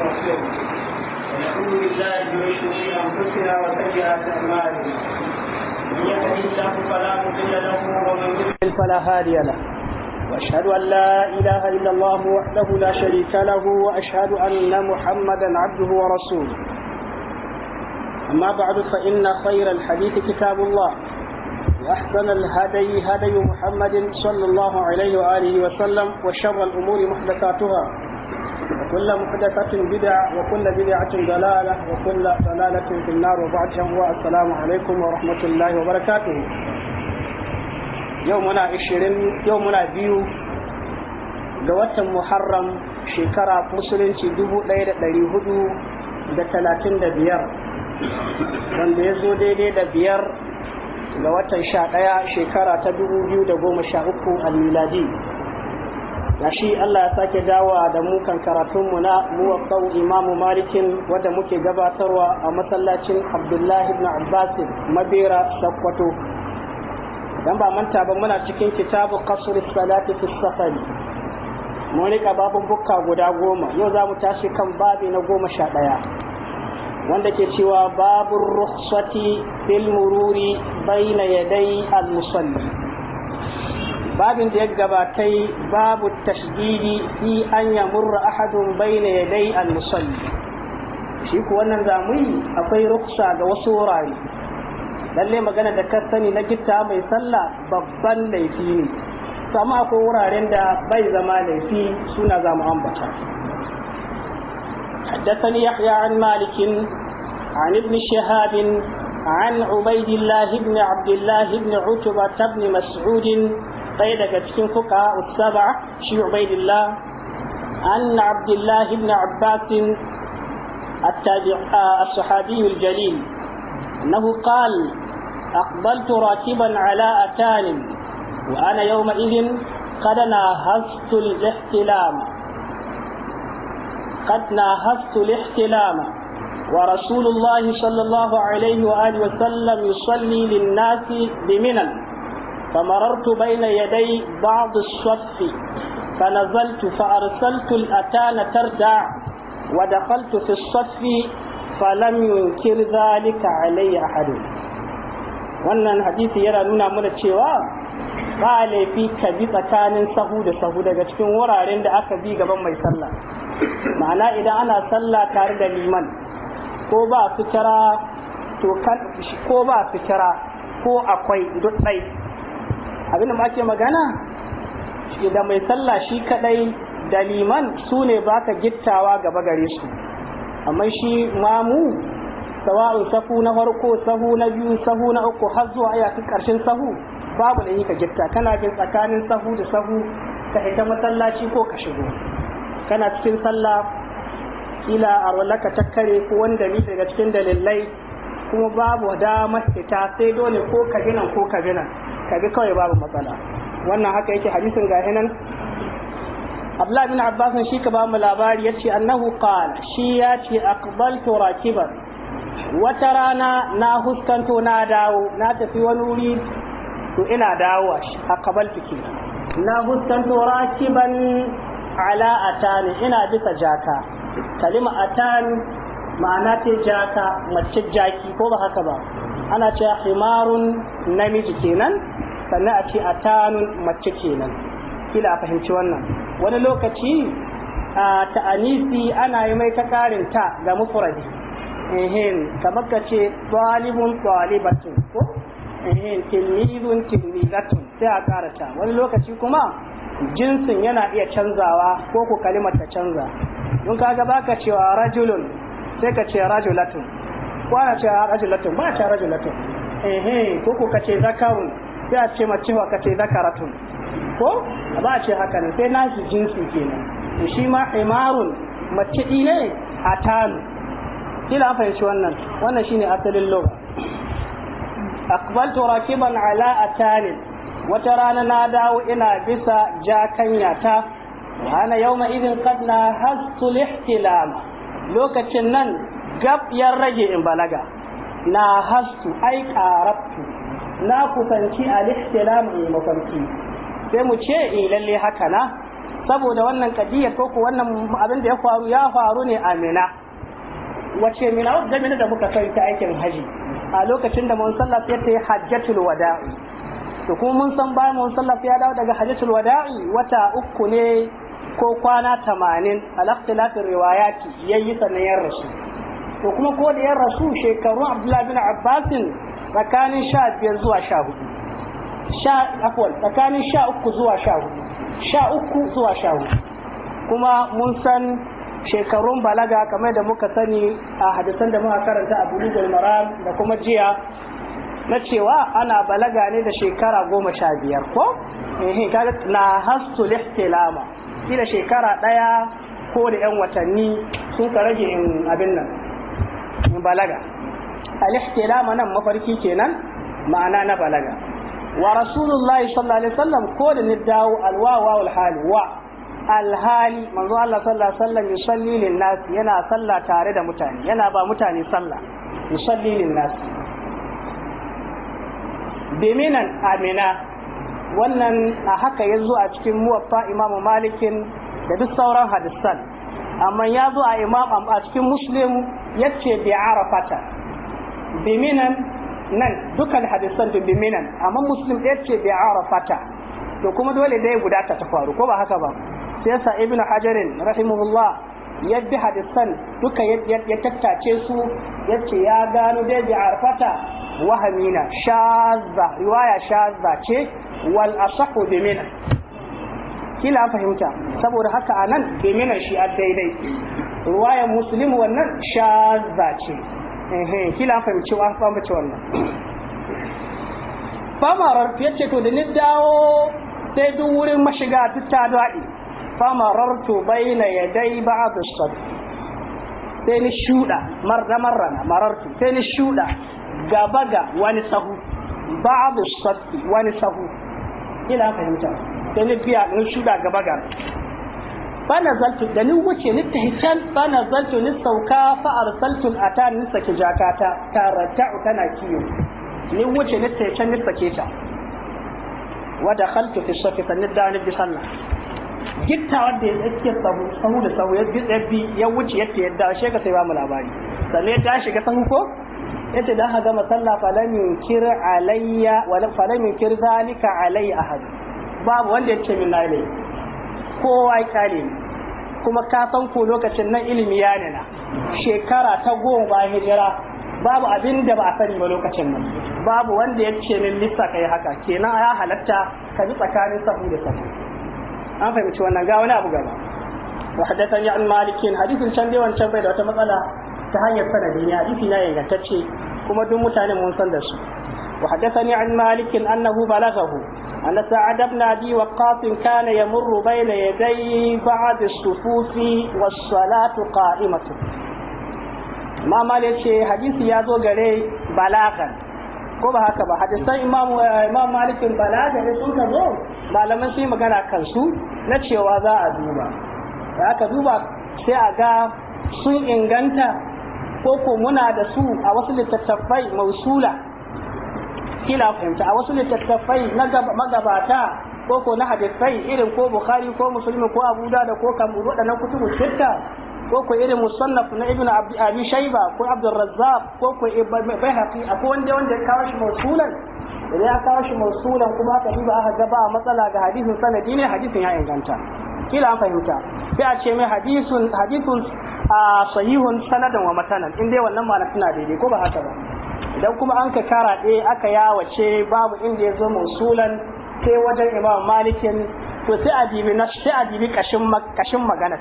ونعوذ بالله من شرور انفسنا وسيئات اعمالنا من يهده الله فلا مضل له ومن يضلل فلا هادي له واشهد ان لا اله الا الله وحده لا شريك له واشهد ان محمدا عبده ورسوله اما بعد فان خير الحديث كتاب الله وأحسن الهدي هدي محمد صلى الله عليه وآله وسلم وشر الأمور محدثاتها وكل محدثة بدعة وكل بدعة ضلالة وكل ضلالة في النار وبعد السلام عليكم ورحمة الله وبركاته يومنا عشرين يومنا بيو لوات محرم شكرا مسلم دبو ليلة ليهدو da talatin da biyar wanda ya zo daidai da biyar ga watan sha ɗaya shekara ta dubu biyu da goma sha uku a miladi gashi Allah ya sake dawa da mu kan karatunmu na muwaffau imamu malikin wadda muke gabatarwa a masallacin abdullahi ibn abbas mabera shakwato dan ba manta ba muna cikin kitabu qasr salati fi safari mun rika babun bukka guda goma yau za mu tashi kan babi na goma sha ɗaya wanda ke cewa babu rukhsati fil mururi bayna yaday al musalli babin da ya gabatai babu tashdidi fi an yamurra ahadun bayna yaday al-musalli shi ku wannan zamuyi akwai ruksa ga wasu wurare lalle magana da ka sani na gitta mai sallah babban laifi ne sama akwai wuraren da bai zama laifi suna zamu ambata حدثني يحيى عن مالك عن ابن شهاب عن عبيد الله بن عبد الله بن عتبة بن مسعود ɗaya daga cikin fuka الله shi ubaidillah an abdullahi ibn التابع آه، الصحابي الجليل أنه قال أقبلت راكبا على أتان وأنا يومئذ قد ناهزت الاحتلام قد ناهزت الاحتلام ورسول الله صلى الله عليه وآله وسلم يصلي للناس بمنن فمررت بين يدي بعض الصف فنزلت فأرسلت الأتان تردع ودخلت في الصف فلم ينكر ذلك علي أحد wannan hadisi yana nuna mana cewa ba laifi ka bi tsakanin sahu da sahu daga cikin wuraren da aka bi gaban mai sallah ma'ana idan ana sallah tare da liman ko ba su kira ko ba su kira ko akwai duk abinda ma ke magana da mai sallah shi kadai da liman su ne baka gittawa gaba gare su amma shi mamu sawa'un sahu na farko sahu na biyu sahu na uku har zuwa ya fi karshen sahu babu da yi ka gitta kana bin tsakanin sahu da sahu ka ita masallaci ko ka shigo kana cikin sallah kila a ta takkare ko wanda ni daga cikin dalilai kuma babu damar fita sai dole ko ka gina ko ka gina ka bi kawai babu matsala wannan haka yake hadisin ga hinan Abdullah bin Abbas shi ka ba mu labari yace annahu qala shi ya ce aqbaltu rakiban wata rana na huskanto na dawo na tafi wani wuri to ina dawowa shi aqbaltu ki na huskanto rakiban ala atani ina bisa jaka kalima atani ma'ana ce jaka mace jaki ko ba haka ba ana cewa himarun namiji kenan sannan a ce a tanun mace kenan kila fahimci wannan wani lokaci a ta'anisi ana yi mai ta karin ta ga mufuradi ehin kamar ka ce talibun talibatun ko ehin tilmizun tilmizatun sai a karata wani lokaci kuma jinsin yana iya canzawa ko ku kalimar ta canza don gaba ka cewa rajulun sai ka ce rajulatun ko ana cewa rajulatun ba a ce rajulatun ehin ko ku ka ce zakarun sai a ce mace ka ce zakaratun ko ba a ce haka ne sai na shi jinsi kenan to shi ma himarun mace ne a tanu kila an fahimci wannan wannan shine asalin lugha aqbaltu rakiban ala tani wata rana na dawo ina bisa jakanya ta ana yawma idin qad na hastu lihtilama lokacin nan gab ya rage in balaga na hastu ai qarabtu na kusanci al-ihtilam mafarki sai mu ce eh lalle haka na saboda wannan kadiyar ko ko wannan abin da ya faru ya faru ne a Mina wace Mina wadda Mina da muka kai ta aikin haji a lokacin da mun sallah sai ta yi hajjatul wada'i to kuma mun san bayan mun sallah ya dawo daga hajjatul wada'i wata uku ne ko kwana 80 al-ikhtilafir riwayati yayi sanayar rasu. to kuma ko da ya rasu shekarun Abdullahi bin Abbasin tsakanin sha biyar zuwa sha hudu sha tsakanin sha uku zuwa sha hudu sha uku zuwa sha hudu kuma mun san shekarun balaga kamar da muka sani a hadisan da muka karanta a bulugul maram da kuma jiya na cewa ana balaga ne da shekara goma sha biyar ko na hastu lihtilama da shekara ɗaya ko da 'yan watanni sun ka rage abin nan balaga al-ihtilama nan mafarki kenan ma'ana na balaga wa rasulullahi sallallahu alaihi wasallam ko da ni dawo alwawa wal hali wa alhali manzo Allah sallallahu alaihi wasallam yusalli lin nas yana sallah tare da mutane yana ba mutane sallah yusalli lin nas biminan amina wannan a haka ya zo a cikin muwaffa imamu malikin da duk sauran hadisan amma ya zo a imam a cikin muslim yace bi arafata biminan nan duka hadisan tun biminan amma muslim ɗaya ce bai arafata to kuma dole dai guda ta ta faru ko ba haka ba sai sa ibnu hajarin rahimahullah yadda hadisan duka ya tattace su yace ya gano dai bi arfata wahamina shazza riwaya shazza ce wal asahu bi kila fahimta saboda haka anan bi shi a daidai riwaya muslim wannan shazza ce eh kila an fahimci wa an fahimci wannan famarar yace to da ni dawo sai duk wurin mashiga duk ta daɗi famarartu baina yadai ba'd as-sad sai ni shuda marra marar marartu sai ni shuda gaba ga wani sahu ba'd as-sad wani sahu ila fahimta sai ni biya ni shuda gaba ga fanazaltu da ni wuce ni tahican fanazaltu ni sauka fa arsaltu atan ni sake jakata tarata'u tana kiyo ni wuce ni tahican ni sake ta wa dakhaltu fi safi fa nidda ni bi sallah gitta wanda ya tsakiyar sahu sahu da sahu ya bi tsabbi ya wuce yadda yadda shi ka sai ba mu labari sannan ya ta shiga sahu ko yace dan haga masalla falam yunkir alayya wa falam yunkir zalika alayya ahad babu wanda ya yace min lailai kowa ya kare ni kuma ka san ko lokacin nan ilimi ya nuna shekara ta goma bayan hijira babu abin da ba a sani ba lokacin nan babu wanda ya ce min lissa kai haka kenan ya halatta ka ji tsakanin sahu da sahu an fahimci wannan ga wani abu gaba wa hadathan ya an malikin hadisin can dai wancan bai da wata matsala ta hanyar sanadi ne hadisi na ingantacce kuma duk mutanen mun san da su وحدثني عن مالك أنه بلغه أن سعد بن أبي وقاص كان يمر بين يدي بعض الصفوف والصلاة قائمة ما مالك حديث يازو غري بلاغا ko ba haka ba hadisan imam malikin balaga ne sun zo malaman sai magana kansu na cewa za a duba da aka duba sai a ga sun inganta ko muna da su a wasu littattafai mausula kila fahimta a wasu littattafai na magabata ko ko na hadisai irin ko bukhari ko musulmi ko abu da ko kamuru waɗannan kutubu shirka ko ko irin musannaf na ibn abi shayba ko abdul razzaq ko ko bayhaqi ko wanda wanda ya kawo shi mausulan idan ya kawo shi mausulan kuma aka duba aka ga ba matsala ga hadisin sanadi ne hadisin ya inganta kila an fahimta sai a ce mai hadisun hadisun sahihun sanadan wa matanan in dai wannan malaka suna daidai ko ba haka ba idan kuma an ka kara ɗaya aka yawace babu inda ya zo musulan sai wajen imam malikin to sai a dibi na sai a dibi kashin magana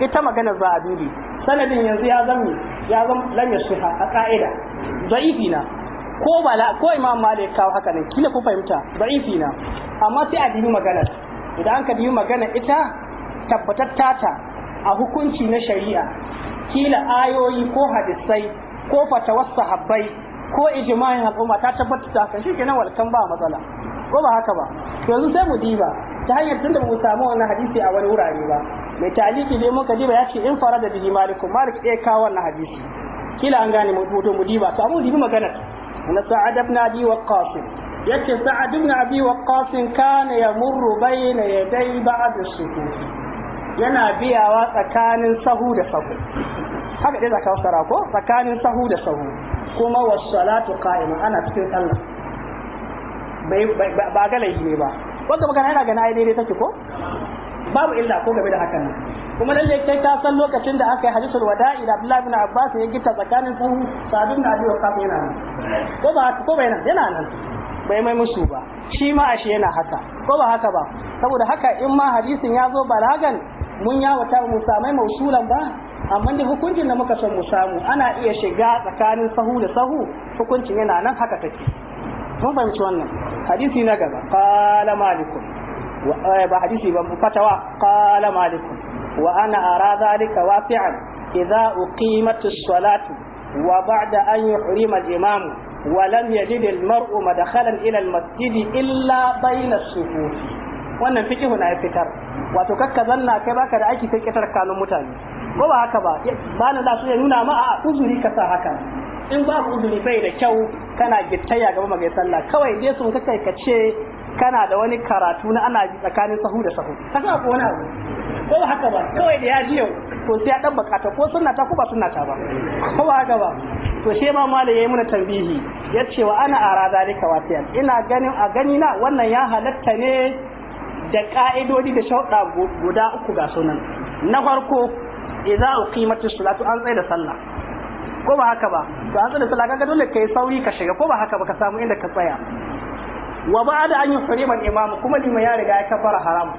ita magana za a dubi sanadin yanzu ya zama ya zama lamya yasuha a ka'ida za'ifi na ko ba ko imam malik kawo haka ne, kila ku fahimta za'ifi na amma sai a dibi magana idan an ka dibi magana ita tabbatattata a hukunci na shari'a kila ayoyi ko hadisai ko fatawar sahabbai ko ijma'in al'umma ta tabbatar da hakan shikenan walkan ba matsala ko ba haka ba to yanzu sai mu diba ta hanyar tunda mu samu wannan hadisi a wani wurare ba mai taliki dai muka diba ya ce in fara da bihi malikum malik ɗaya kawo wannan hadisi kila an gane mutum mu diba to amma dibi magana na sa'ad ibn abi waqqas yace sa'ad ibn abi waqqas kana yamurru bayna yaday ba'd as sukut yana biyawa tsakanin sahu da sahu haka dai zaka wasara ko tsakanin sahu da sahu kuma wassalatu qa'ima ana cikin sallah bai ba ga laifi ne ba wanda magana yana gana ai daidai take ko babu illa ko game da hakan kuma lalle kai ta san lokacin da aka yi hadisul wada'i da Abdullahi ibn Abbas ya gita tsakanin sahu sabin da Abu Bakar yana nan ko ba ko bai nan yana nan bai mai musu ba shi ma ashe yana haka ko ba haka ba saboda haka in ma hadisin ya zo balagan mun yawata mu samai mausulan ba amma da hukuncin da muka san mu samu ana iya shiga tsakanin sahu da sahu hukuncin yana nan haka take mun fahimci wannan hadisi na gaba qala malikum eh, ba hadisi ba fatawa qala malikum wa ana ara zalika wasi'an idza uqimat as-salatu wa ba'da an yuhrima al-imam wa lam yajid al-mar'u madkhalan ila al-masjid illa bayna as-sufuf wannan fikihu na fitar wato kakka zanna kai baka da aiki sai kitar kanun mutane ko ba haka ba ba na da su ya nuna ma a uzuri ka sa haka in ku uzuri bai da kyau kana gittaya gaba magai sallah kawai dai sun ka kai ka ce kana da wani karatu na ana tsakanin sahu da sahu ka sa ko wani ko ba haka ba kawai da ya ji yau to sai ya dan bakata ko sunna ta ko ba sunna ta ba ko ba haka ba to she ma mala yayi muna tambihi yace wa ana ara zalika wasiyan ina ganin a gani na wannan ya halatta ne da ka'idodi da shauɗa guda uku ga sunan na farko idza uqimatis salatu an tsaye da sallah ko ba haka ba to an tsaye da sallah kaga dole kai sauri ka shiga ko ba haka ba ka samu inda ka tsaya wa da an yuhrima al-imam kuma liman ya riga ya kafara haram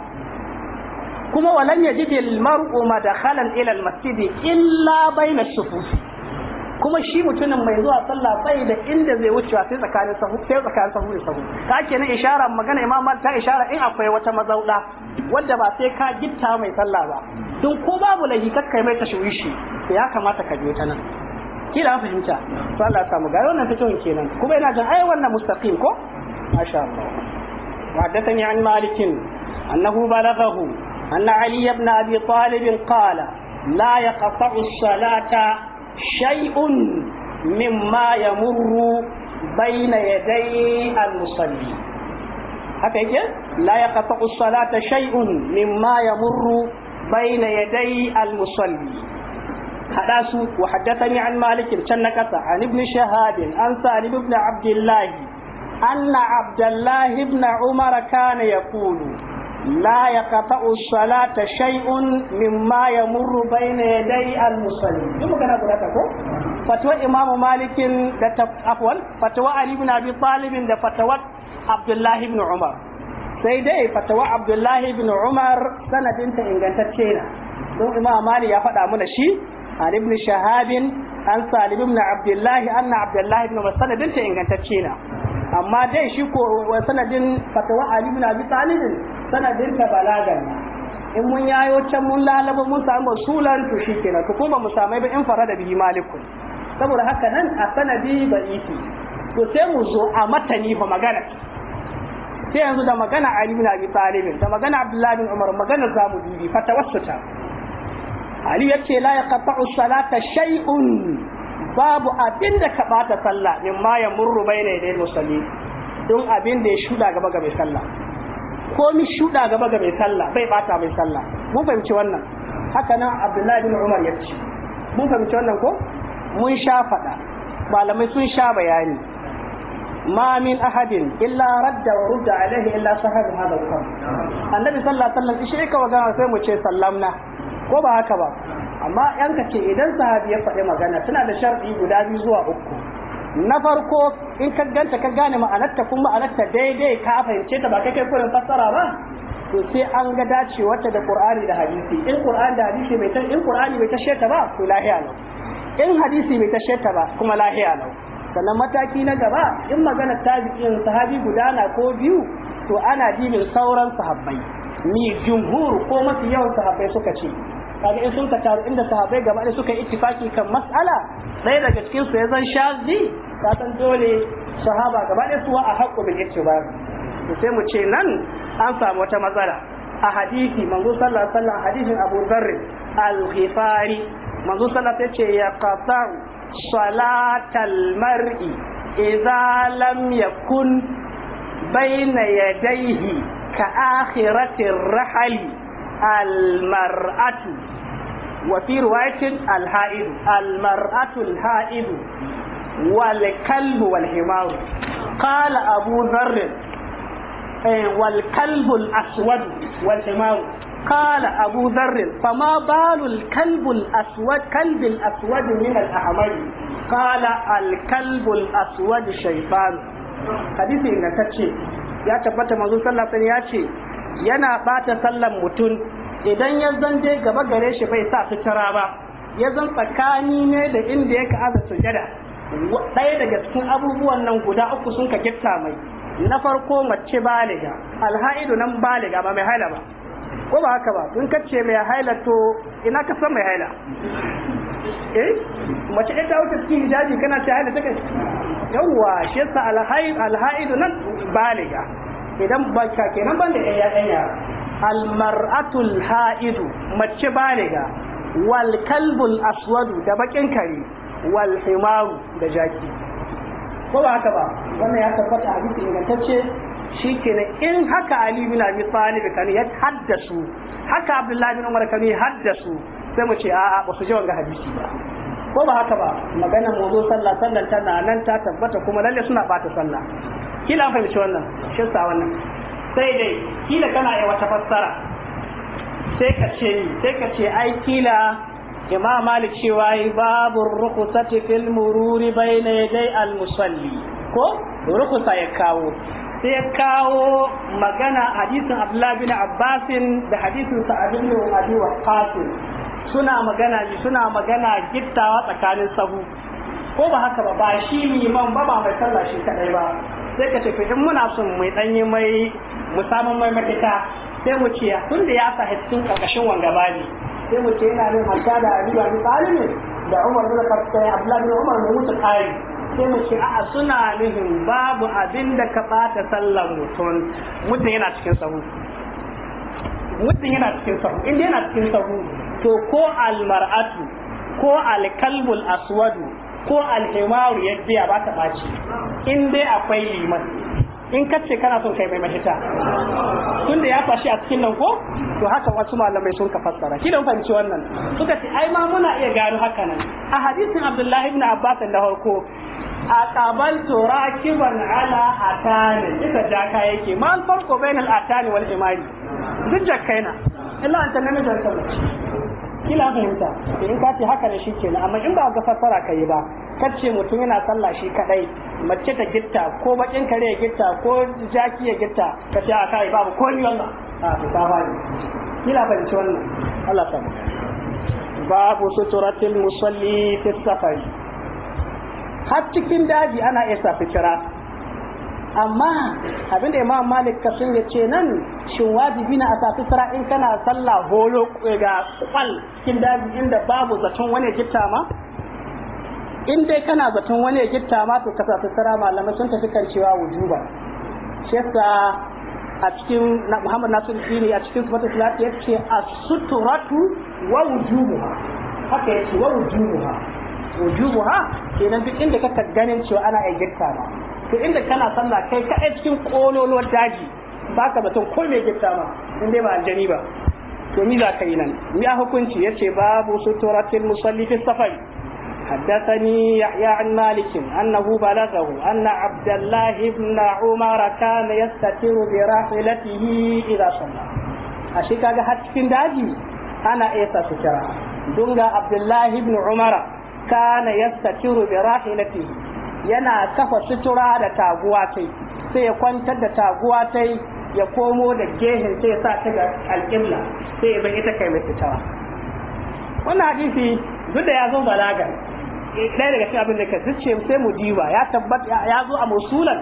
kuma walan yajid al-mar'u da ila al-masjid illa bayna na kuma shi mutumin mai zuwa sallah tsayi da inda zai wucewa sai tsakanin sahu sai tsakanin sahu da sahu ta kenan ishara magana imam ta ishara in akwai wata mazauda wanda ba sai ka gitta mai sallah ba don ko babu lahi kakkai mai tashwishi ya kamata ka je ta nan kila an fahimta to Allah ya samu gari wannan fikihun kenan kuma ina jin ai wannan mustaqim ko masha Allah وحدثني عن مالك أنه بلغه أن علي بن أبي طالب La لا يقطع salata. shay'un mimma yamurru bayna yaday al-musalli haka yake la yaqta'u as-salata shay'un mimma yamurru bayna yaday al-musalli hada su wa haddathani an malik can na kasa an ibn shahab an salim ibn abdullah anna abdullah ibn umar kana yaqulu لا يقطع الصلاة شيء مما يمر بين يدي المصلين يوم كان أقول لك فتوى إمام مالك عفوا فتوى علي بن أبي طالب ده فتوى عبد الله بن عمر سيدي فتوى عبد الله بن عمر سنة انت إن كانت تشينا دون إمام مالك يفدع من الشيء عن ابن شهاب عن سالم بن عبد الله أن عبد الله بن مسعود انت إن كانت تشينا amma dai shi ko sanadin fatawa ali bin abi talib sanadin ta balagan in mun yayo can mun lalaba mun samu sulan to shikenan to kuma ba mu samu ba in farada bihi malikun saboda haka nan a sanadi ba isi to sai mu zo a matani ba magana sai yanzu da magana ali bin abi talib da magana abdullahi bin umar magana zamu bibi fatawassuta ali yake la yaqta'u salata shay'un babu abin da ka bata sallah min ma ya murru ne dai musalli don abin da ya shuda gaba ga mai sallah ko mi shuda gaba ga mai sallah bai bata mai sallah mun fahimci wannan haka nan Abdullahi bin Umar ya ce mun fahimci wannan ko mun sha faɗa malamai sun sha bayani ma min ahadin illa radda wa rudda alaihi illa sahibu hada al-qawl annabi sallallahu alaihi wasallam shi ka waga sai mu ce sallamna ko ba haka ba amma yan ka ce idan sahabi ya faɗi magana tana da sharɗi guda biyu zuwa uku na farko in ka ganta ka gane ma'anarta kuma ma'anarta daidai ka fahimce ta ba kai kai kurin fassara ba to sai an ga dacewarta da qur'ani da hadisi in qur'ani da hadisi bai ta in qur'ani bai ba to lahiya lau in hadisi bai ta sheta ba kuma lahiya lau sannan mataki na gaba in magana tabi'in sahabi guda na ko biyu to ana dinin sauran sahabbai ni jumhur ko mafi yawan sahabbai suka ce kaga in sun ka taru inda sahabbai gaba ɗaya suka yi ittifaki kan mas'ala sai daga cikin su ya zan shazi ka san dole sahaba gaba su suwa a haƙƙo bil ittibar to sai mu ce nan an samu wata matsala a hadisi manzo sallallahu alaihi wasallam hadisin Abu Dharr al-Ghifari manzo sallallahu alaihi wasallam ya qata salatal mar'i idza lam yakun bayna yadayhi ka akhiratir rahali almar'atu wa fi riwayatin alha'idu almar'atu alha'idu wal kalbu wal himaru qala abu dharr wal kalbu al aswad wal himaru قال أبو ذر فما بال الكلب الأسود كلب الأسود من الأحمر قال الكلب الأسود شيطان حديث إن تتشي يا تبت منظور صلى الله ya ce. yana bata sallan mutum idan ya zan dai gaba gare shi bai sa sutura ba ya zan tsakani ne da inda ya ka'aza sujada ɗaya daga cikin abubuwan nan guda uku sun ka gifta mai na farko mace baliga alhaidu nan baliga ba mai haila ba ko ba haka ba in kace mai haila to ina ka san mai haila eh mace ita wata cikin hijabi kana ta haila take yawwa shi yasa alhaidu nan baliga idan ba ka kenan ban da ɗaya ɗaya almar'atul ha'idu mace ga wal kalbul aswadu da bakin kare wal himaru da jaki ko ba haka ba wannan ya tabbata hadisi ingantacce shikenan in haka ali bin abi talib kan ya haddasu haka abdullahi bin umar kan ya haddasu sai mu ce a'a ba su ji wanga hadisi ba ko ba haka ba maganar zo sallah sallan tana nan ta tabbata kuma lalle suna bata sallah kila an fahimci wannan shi sa wannan sai dai kila kana yi wata fassara sai ka ce sai ka ce ai kila imam malik cewa babu rukusati fil mururi bayna yaday al musalli ko rukusa ya kawo sai ya kawo magana hadisin abdullahi bin abbasin da hadisin sa'ad bin abi waqqas suna magana suna magana gittawa tsakanin sahu ko ba haka ba ba shi liman ba ba mai sallah shi kadai ba sai ka tafi in muna son mai danyi mai mu samu mai mafita sai mu ce tun da ya sa cikin karkashin wanga bani sai mu ce yana nan hatta da Abu Abi ne da Umar bin Khattab Abdullahi bin Umar mai wuta kai sai mu ce a'a suna nihin babu abin da ka bata sallan mutun mutun yana cikin sahu mutun yana cikin sahu inda yana cikin sahu to ko almar'atu ko alkalbul aswadu ko alhimaru ya biya ba ta ɓaci in dai akwai liman in ka ce kana son kai mai mahita da ya fashi a cikin nan ko to haka wasu malamai sun ka fassara shi don fahimci wannan suka ce ai ma muna iya gano haka nan a hadisin abdullahi ibn abbas da farko a qabaltu rakiban ala atani ita jaka yake man farko bainal atani wal imani duk jakkaina illa an da mace kila fahimta in ka ce haka ne shi kenan amma in ba ga fassara ka yi ba ce mutum yana sallah shi kadai mace ta gitta ko bakin kare ya gitta ko jaki ya gitta ka ce a kai babu ko ni wannan a ta bani kila fahimci wannan Allah ta babu suturatil musalli fi safari har cikin daji ana isa fitira amma abinda imam malik kafin ya ce nan shin wajibi na a tafi sara in kana sallah holo eh, ga kwal cikin daji inda babu zaton wani gitta ma in dai kana zaton wani gitta ma to ka tafi sara malamai sun tafi kan cewa wujuba shi a cikin muhammad nasir ne a cikin sifatu salati ya ce a suturatu wa wujubuha haka ya ce wa wujubuha wujubuha kenan duk inda kaka ganin cewa ana iya gitta ma to inda kana sallah kai ka cikin kololuwar daji ba ka zaton ko mai gifta ma in dai ba aljani ba to ni za ka yi nan ni a hukunci yace babu suturatil musalli fi safari حدثني يحيى عن مالك أنه بلغه أن عبد الله بن عمر كان يستتر براحلته إذا صلى أشيكا قهت في داجي أنا إيسا سترا دونغا عبد الله بن عمر كان يستتر براحلته yana kafa sutura da taguwa tai sai ya kwantar da taguwa tai ya komo da gehen sai ya sa ta ga alƙibla sai ya bai ita kai mai fitawa wannan hadisi duk da ya zo balaga eh, ɗaya daga cikin abin da ka zuce sai mu diba ya tabbata ya zo a musulan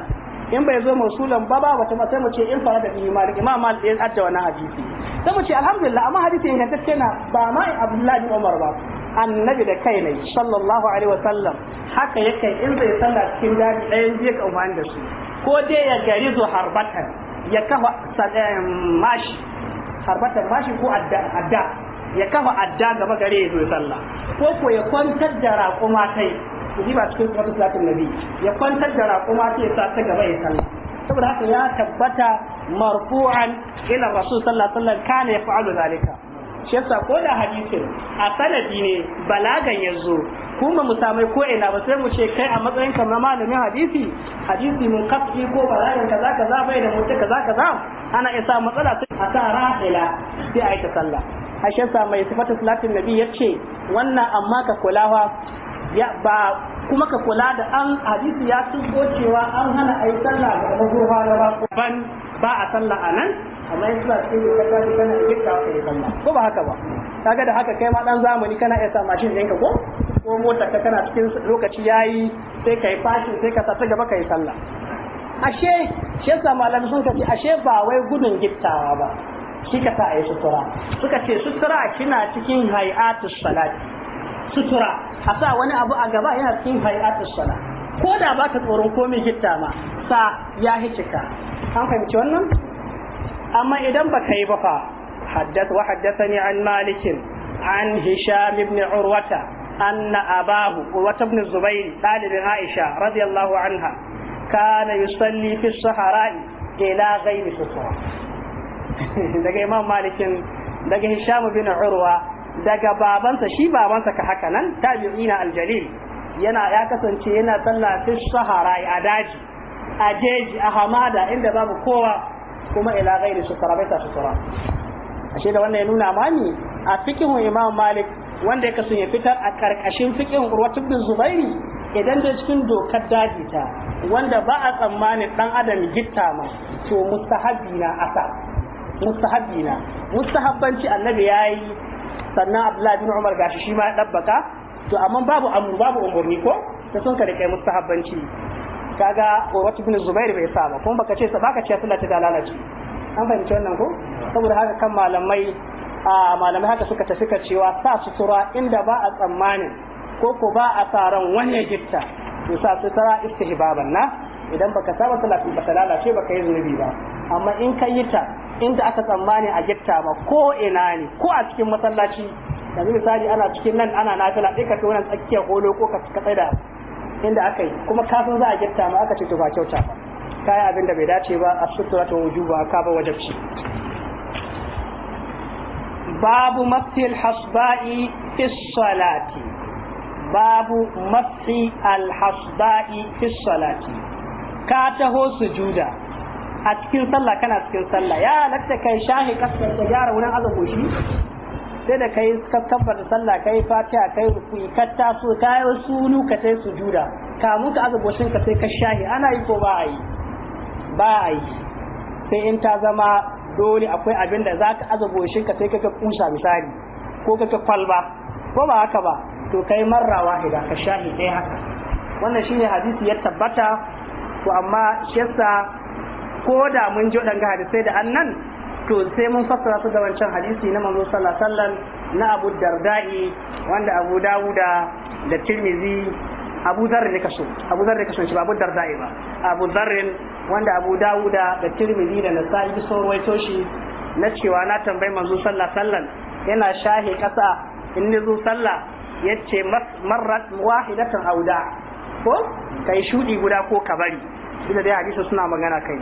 in bai zo musulan ba ba wata sai mu ce in fara da bihi malik imam malik ya adda wannan hadisi sai mu ce alhamdulillah amma hadisi ingantacce na ba ma abdullahi umar ba annabi da kai ne sallallahu alaihi wasallam haka yake in zai sallah cikin daji ɗayan zai ka umarni da su ko dai ya gari zo harbatan ya kafa mashi harbatan mashi ko adda ya kafa adda gaba gare ya zo sallah ko ko ya kwantar da raƙuma kai ji ba cikin wata salatin nabi ya kwantar da raƙuma kai ya sa gaba ya sallah saboda haka ya tabbata marfu'an ila rasul sallallahu alaihi wasallam kana yaf'alu zalika shi yasa ko da hadisin a sanadi ne balagan yanzu kuma mu samai ko ina ba sai mu ce kai a matsayin kamar na malamin hadisi hadisi mun kafi ko balagan kaza kaza bai da mutu kaza kaza ana isa matsala sai a sa rahila sai a yi ta sallah a shi yasa mai sifatu salatin nabi ce. wannan amma ka kulawa ya ba kuma ka kula da an hadisi ya tuko cewa an hana a yi sallah ga magurfa na ba ban ba a sallah a nan amma in suna cikin da kasa da kana iya ka yi sallah ko ba haka ba kaga da haka kai ma dan zamani kana iya sa mashin ɗinka ko ko mota ka kana cikin lokaci ya yi sai ka yi fashin sai ka sa gaba ka yi sallah ashe shi yasa malamai sun kace ashe ba wai gudun gittawa ba shi ka sa a yi sutura suka ce sutura kina cikin hay'atus salati sutura a sa wani abu a gaba yana cikin hay'atus sala ko da baka tsoron komai hitta ma sa ya hicika an fahimci wannan amma idan baka yi ba fa haddasa wa haddathani an malikin an hisham ibn urwata anna abahu urwata ibn zubair talibin aisha radiyallahu anha kana yusalli fi sahara'i ila ghairi sutura daga imam malikin daga hisham bin urwa daga babansa shi babansa ka haka nan tabi'ina aljalil yana ya kasance yana sallah fi sahara a daji a jeji a hamada inda babu kowa kuma ila ghairi sutura bai ta sutura ashe da wannan ya nuna mani a fikin imam malik wanda ya kasance fitar a karkashin fikin urwatu bin zubairi idan da cikin dokar daji ta wanda ba a tsammanin dan adam gitta ma to mustahabi na asa mustahabi na mustahabbanci annabi yayi sannan abdullahi bin umar ga shi ma ya dabbaka to amma babu amur babu umurni ko ta sun da kai mustahabbanci kaga wata bin zubair bai sa ba kuma baka ce sa baka ce sallah ta lalace an fahimci wannan ko saboda haka kan malamai a malamai haka suka tafi ka cewa sa su sutura inda ba a tsammanin ko ko ba a tsaron wani gitta to sa sutura istihbaban na idan baka saba salatin ba ta lalace baka yi zunubi ba amma in ka yi ta inda aka tsammani a gitta ba ko ina ne ko a cikin masallaci yanzu misali ana cikin nan ana nafila ɗaya ka kai wannan tsakiyar holo ko ka tsaya tsada inda aka yi kuma ka san za a gitta ma aka ce to ba kyauta ba kai abin da bai dace ba a sutura ta wujuba ka ba wajabci babu mafi hasba'i fi salati babu mafi alhasba'i fi salati ka taho sujuda a cikin sallah kana cikin sallah ya lakta kai shahi kasar da gyara wurin azabushi sai da kai ka tabbata sallah kai fatiha kai rukui ka taso ka yi sulu ka tai sujuda kamun ka azabushin ka sai ka shahi ana yi ko ba a yi ba a yi sai in ta zama dole akwai abin da za ka azabushin ka sai ka kusa misali ko ka kwalba ko ba haka ba to kai marrawa wahida ka shahi ɗaya haka wannan shine hadisi ya tabbata to amma shi yasa ko da mun ji waɗanga hadisai da annan to sai mun fassara su da wancan hadisi na manzo sallallahu alaihi wasallam na Abu Darda'i wanda Abu Dawuda da Tirmidhi Abu Dharr ne kaso Abu Dharr ne kaso shi ba Abu Darda'i ba Abu Dharr wanda Abu Dawuda da Tirmidhi da Nasa'i su sun rawaito shi na cewa na tambayi manzo sallallahu alaihi wasallam yana shahi kasa in ni zo sallah yace marrat wahidatan auda ko kai shudi guda ko kabari inda dai hadisi suna magana kai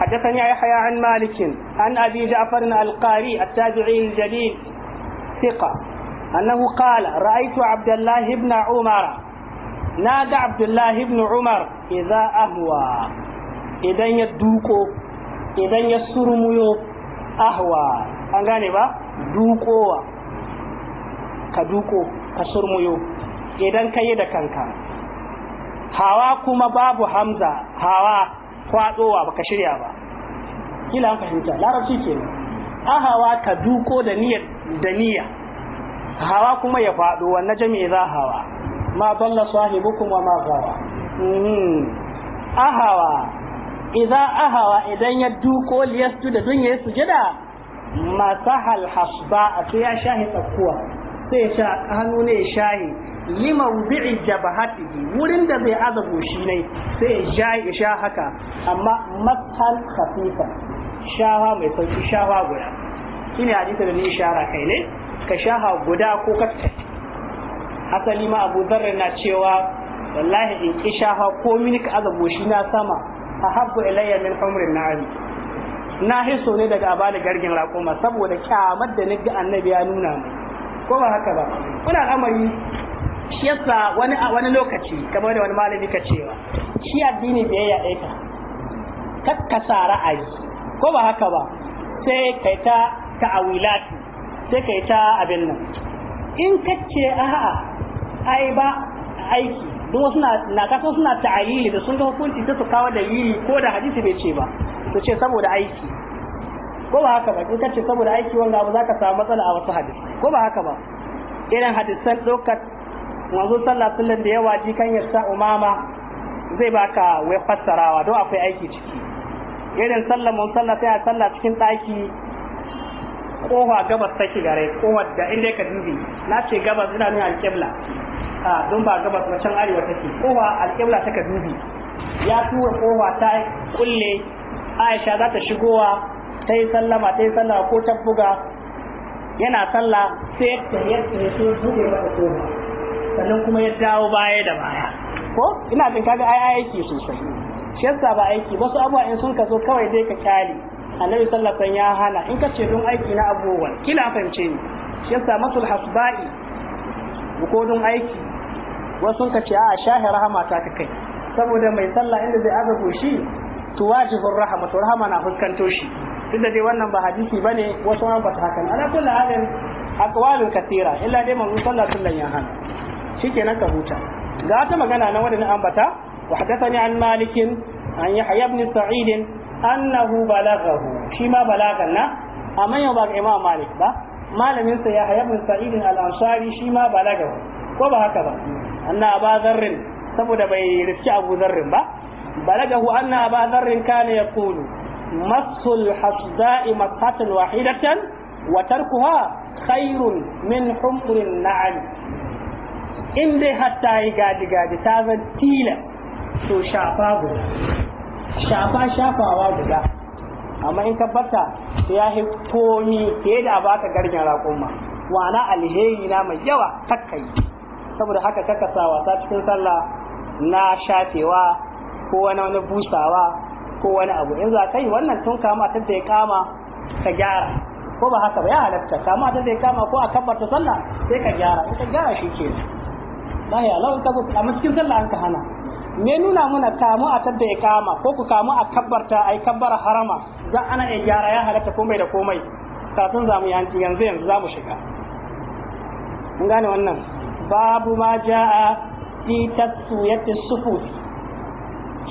hadathan ya yahya an malik an abi ja'far al qari al tabi'i al jalil thiqa annahu qala ra'aytu abdullah ibn umar nada abdullah ibn umar idha idan ya duqo idan ya surmuyo ahwa an gane ka duqo ka surmuyo idan kai da kanka hawa kuma babu hamza hawa kwadowa baka shirya ba kila an fahimta larabci kenan a hawa ka duko da niyyar da niyya hawa kuma ya fado wannan jami'i za hawa ma dalla sahibukum wa ma gawa mhm. a hawa idza ahawa idan ya duko liyastu da dun yayi sujada masahal hasba a ya shahi tsakkuwa sai ya sha hannu ne ya shahi li mawdi'i jabahatihi wurin da zai azabu shi ne sai ya isha sha haka amma matan kafifa shawa mai sauki shawa guda Kina hadisi da ni ishara kai ne ka shaha guda ko ka asali ma Abu zarra na cewa wallahi in ki shaha ko min ka azabu shi na sama habbu ilayya min umrin na'am na hiso ne daga abali gargin raƙuma saboda kyamar da naga annabi ya nuna mai ko ba haka ba kuna al'amari shi yasa wani a wani lokaci kamar da wani malami ka cewa shi addini biyayya ɗaya ka kakkasa ra'ayi ko ba haka ba sai kai ta ta'awilatu sai kai ta abin nan in kace a'a ai ba aiki don wasu na kaso suna ta'ayili da sun ga hukunci ta su kawo dalili ko da hadisi bai ce ba su ce saboda aiki ko ba haka ba in kace saboda aiki wanda abu ka samu matsala a wasu hadisi ko ba haka ba irin hadisan ɗaukar wanzu sallah sallan da yawa ji kan yasa umama zai baka wai fassarawa don akwai aiki ciki irin sallan mun sallah sai a sallah cikin ɗaki kowa gabas ta gare kowa da inda ka dubi na ce gabas ina nuna alƙibla a don ba gabas na can arewa take kowa alƙibla ta ka dubi ya tura kowa ta kulle aisha za ta shigowa ta yi sallama ta yi sallama ko ta buga yana sallah sai ta yi ta yi buɗe ta kofa sannan kuma ya dawo baya da baya ko ina jin kaga ai aiki sosai shi yasa ba aiki wasu abuwa in sun ka zo kawai dai ka kyale annabi sallallahu alaihi ya hana in ka ce don aiki na abuwa kila fahimce ni shi yasa masul hasba'i ko don aiki wasu ka ce a shahi rahama ta ka kai saboda mai sallah inda zai aza goshi tuwajibur rahama to rahama na fuskanto shi duk da dai wannan ba hadisi bane wasu ma ba ta hakan ala kullu hadin aqwalun kathira illa dai manzo sallallahu alaihi wasallam ya hana shikenan ka huta za ta magana na wadda ambata wa hadathani an malikin an yahya ibn sa'id annahu shi ma balagan na amma yau ba ga imam malik ba malamin sa yahya al-ansari shi ma balagahu ko ba haka ba anna saboda bai rifki abu zarrin ba balagahu anna aba zarrin kana yaqulu masul hasda'i wahidatan wa khairun min humrin na'am in dai hatta yi gadi-gadi ta zan tila to shafa guda shafa shafawa guda amma in tabbata ya yi komi fiye da ba ka gargin raƙon wana alheri na mai yawa takkai saboda haka kakasa wasa cikin sallah na shafewa ko wani wani busawa ko wani abu in za ka yi wannan tun kama ta da ya kama ka gyara ko ba haka ba ya halatta kama ta da ya kama ko a tabbata sallah sai ka gyara in ka gyara shi kenan lahi Allah ta ku cikin sallah an ka hana me nuna muna kamu a tadda ya kama ko ku kamu a kabbarta ai kabbara harama za ana iya gyara ya halatta komai da komai kafin zamu yanci yanzu yanzu zamu shiga mun gane wannan babu ma jaa fi tasuyati sufuf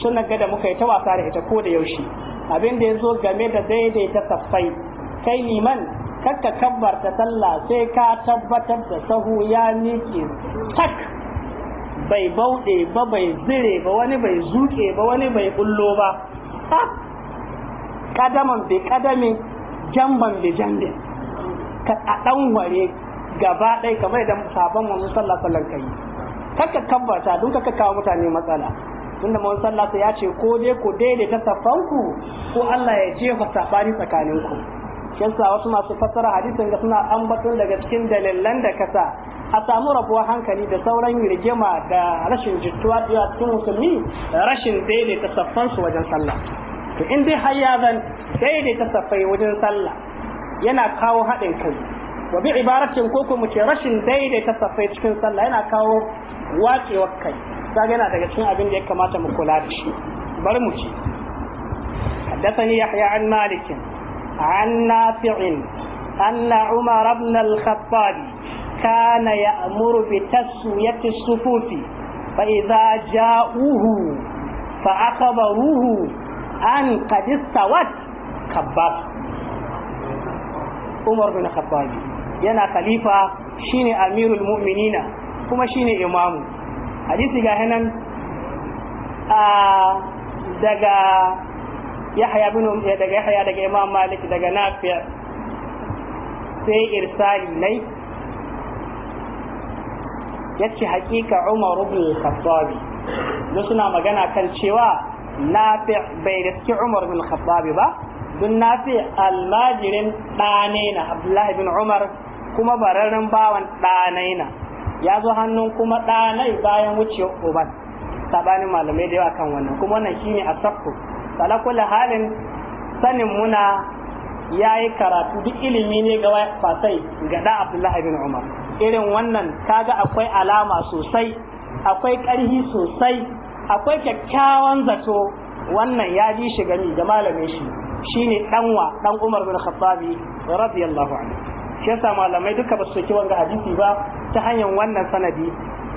sunan ga da muka yi ta wasa da ita ko da yaushe abin da zo game da daidaita saffai kai liman kakka kabbarta sallah sai ka tabbatar da sahu ya miƙe tak bai bauɗe ba bai zire ba wani bai zuke ba wani bai bullo ba kadaman bai kadami jamban bai jambe ka ɗan ware gaba ɗaya kamar idan sabon wani sallah sallan yi kakka kabbata don kakka kawo mutane matsala tunda mawan sallah ya ce ko dai ku daidaita safanku ko Allah ya jefa sabani tsakaninku yasa wasu masu fassara hadisin ga suna ambaton daga cikin dalilan da kasa a samu rabuwar hankali da sauran rigima da rashin jituwa da cikin musulmi rashin daidaita saffan su wajen sallah to in dai har ya zan daidaita saffai wajen sallah yana kawo haɗin kai wa bi ibaratin ko ku ce rashin daidaita saffai cikin sallah yana kawo wacewar kai kaga yana daga cikin abin da ya kamata mu kula da shi bari mu ci حدثني يحيى عن مالك عن نافع أن عمر بن الخطاب كان يأمر بتسوية الصفوف فإذا جاءوه فأخبروه أن قد استوت كبر عمر بن الخطاب ينا خليفة شيني أمير المؤمنين كما شيني إمام حديث جاهنا آه دقا yahya bin eh, daga yahya daga imam malik daga nafi sai irsali nai yace hakika umar ibn al-khattab suna magana kan cewa nafi bai riski umar bin khattab ba dun nafi almajirin ɗane na abdullahi bin umar kuma bararren bawan ɗanai na ya zo hannun kuma ɗanai bayan wuce uban sabanin malamai da yawa kan wannan kuma wannan shine asakku ala kulli halin sanin muna yayi karatu duk ilimi ne ga fasai ga da Abdullahi bin Umar irin wannan kaga akwai alama sosai akwai karhi sosai akwai kyakkyawan zato wannan ya ji shi gani da malamin shi shine danwa dan Umar bin Khattabi radiyallahu anhu shi yasa malamai duka ba su ki wanga hadisi ba ta hanyar wannan sanadi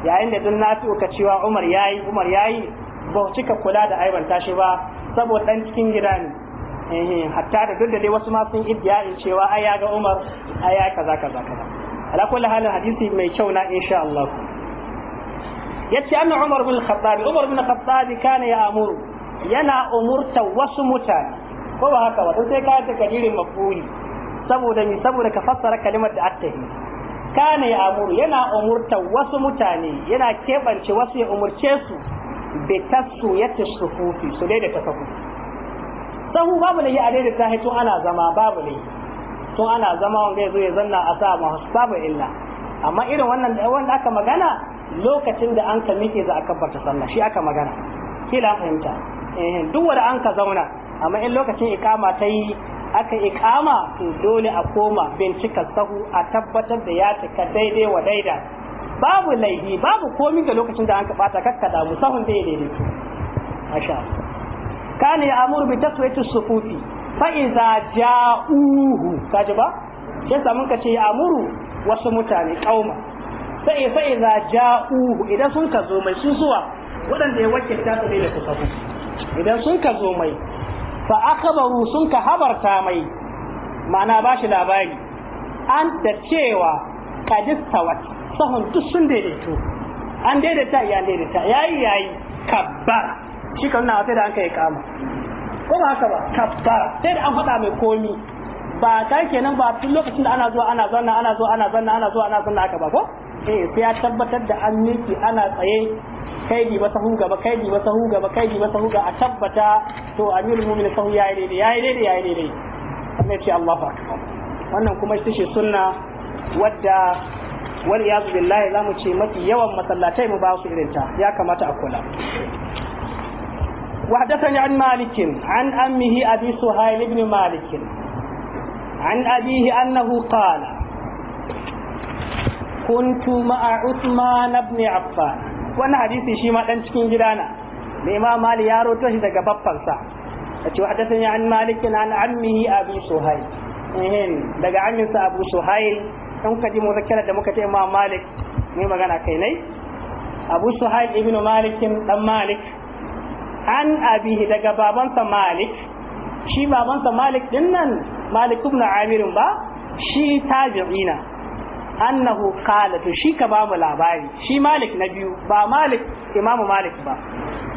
yayin da dun nafi ka cewa Umar yayi Umar yayi ba cika kula da aibanta shi ba saboda dan cikin gida ne eh hatta da duk da dai wasu ma sun in cewa ai ya ga Umar ai ya kaza kaza kaza ala kulli halin hadisi mai kyau na insha Allah yace anna Umar bin Khattab Umar bin Khattab kana ya amuru yana umurta wasu mutane ko ba haka ba sai ka ta kadirin mafuli saboda ni saboda ka fassara kalimar da attahi kana ya amuru yana umurta wasu mutane yana kebance wasu ya umurce su bi tasuyati sufufi su daidaita sahu sahu babu ne a da shi tun ana zama babu ne tun ana zama wanda yazo ya zanna a sa ma babu illa amma irin wannan wanda aka magana lokacin da an ka miƙe za a barta sallah shi aka magana kila an fahimta eh duk wanda an ka zauna amma in lokacin ikama ta yi aka ikama to dole a koma bincika sahu a tabbatar da ya cika daidai wa daida babu laifi babu komi ga lokacin da an ka bata kakkada mu sahun da daidai asha kana ya amuru bi taswiyatu sufufi fa iza ja'uhu kaje ba sai sa mun ce ya amuru wasu mutane kauma sai fa iza ja'uhu idan sun ka zo mai sun zuwa waɗanda ya ta su ne da kusafu idan sun ka zo mai fa akhbaru sun ka habarta mai ma'ana ba shi labari an da cewa kadistawat sahun duk sun daidaito an daidaita ya daidaita yayi yayi kabbar shi kan na sai da an kai kama ko ba haka ba kabbar sai da an faɗa mai komi ba ta kenan ba tun lokacin da ana zuwa ana zanna ana zuwa ana zanna ana zuwa ana zanna haka ba ko eh sai ya tabbatar da an miki ana tsaye kai bi wata huga ba kai bi wata huga ba kai bi wata huga a tabbata to amirul mu'minin sahu yayi daidai yayi daidai yayi daidai annabi ce Allahu akbar wannan kuma shi ce sunna wadda wal yazu za zamu ce mafi yawan masallatai mu ba su irin ta ya kamata a kula وحدثني عن مالك عن أمه أبي سهيل بن مالك عن أبيه أنه قال كنت مع عثمان بن عفان Wani حديثي شيما دان cikin gidana da Imam Malik ya roto shi daga babbansa yace hadathani an malikin an ammihi Abi Suhayl ehin daga Abu Kan ka ji zakkara da muka ce ma malik mai magana kai nai abu suhaib ibn malikin dan malik an abihi daga babansa malik shi babansa malik din nan malik ibn Amir ba shi tabi'ina annahu qala to shi ka bamu labari shi malik na biyu ba malik imamu malik ba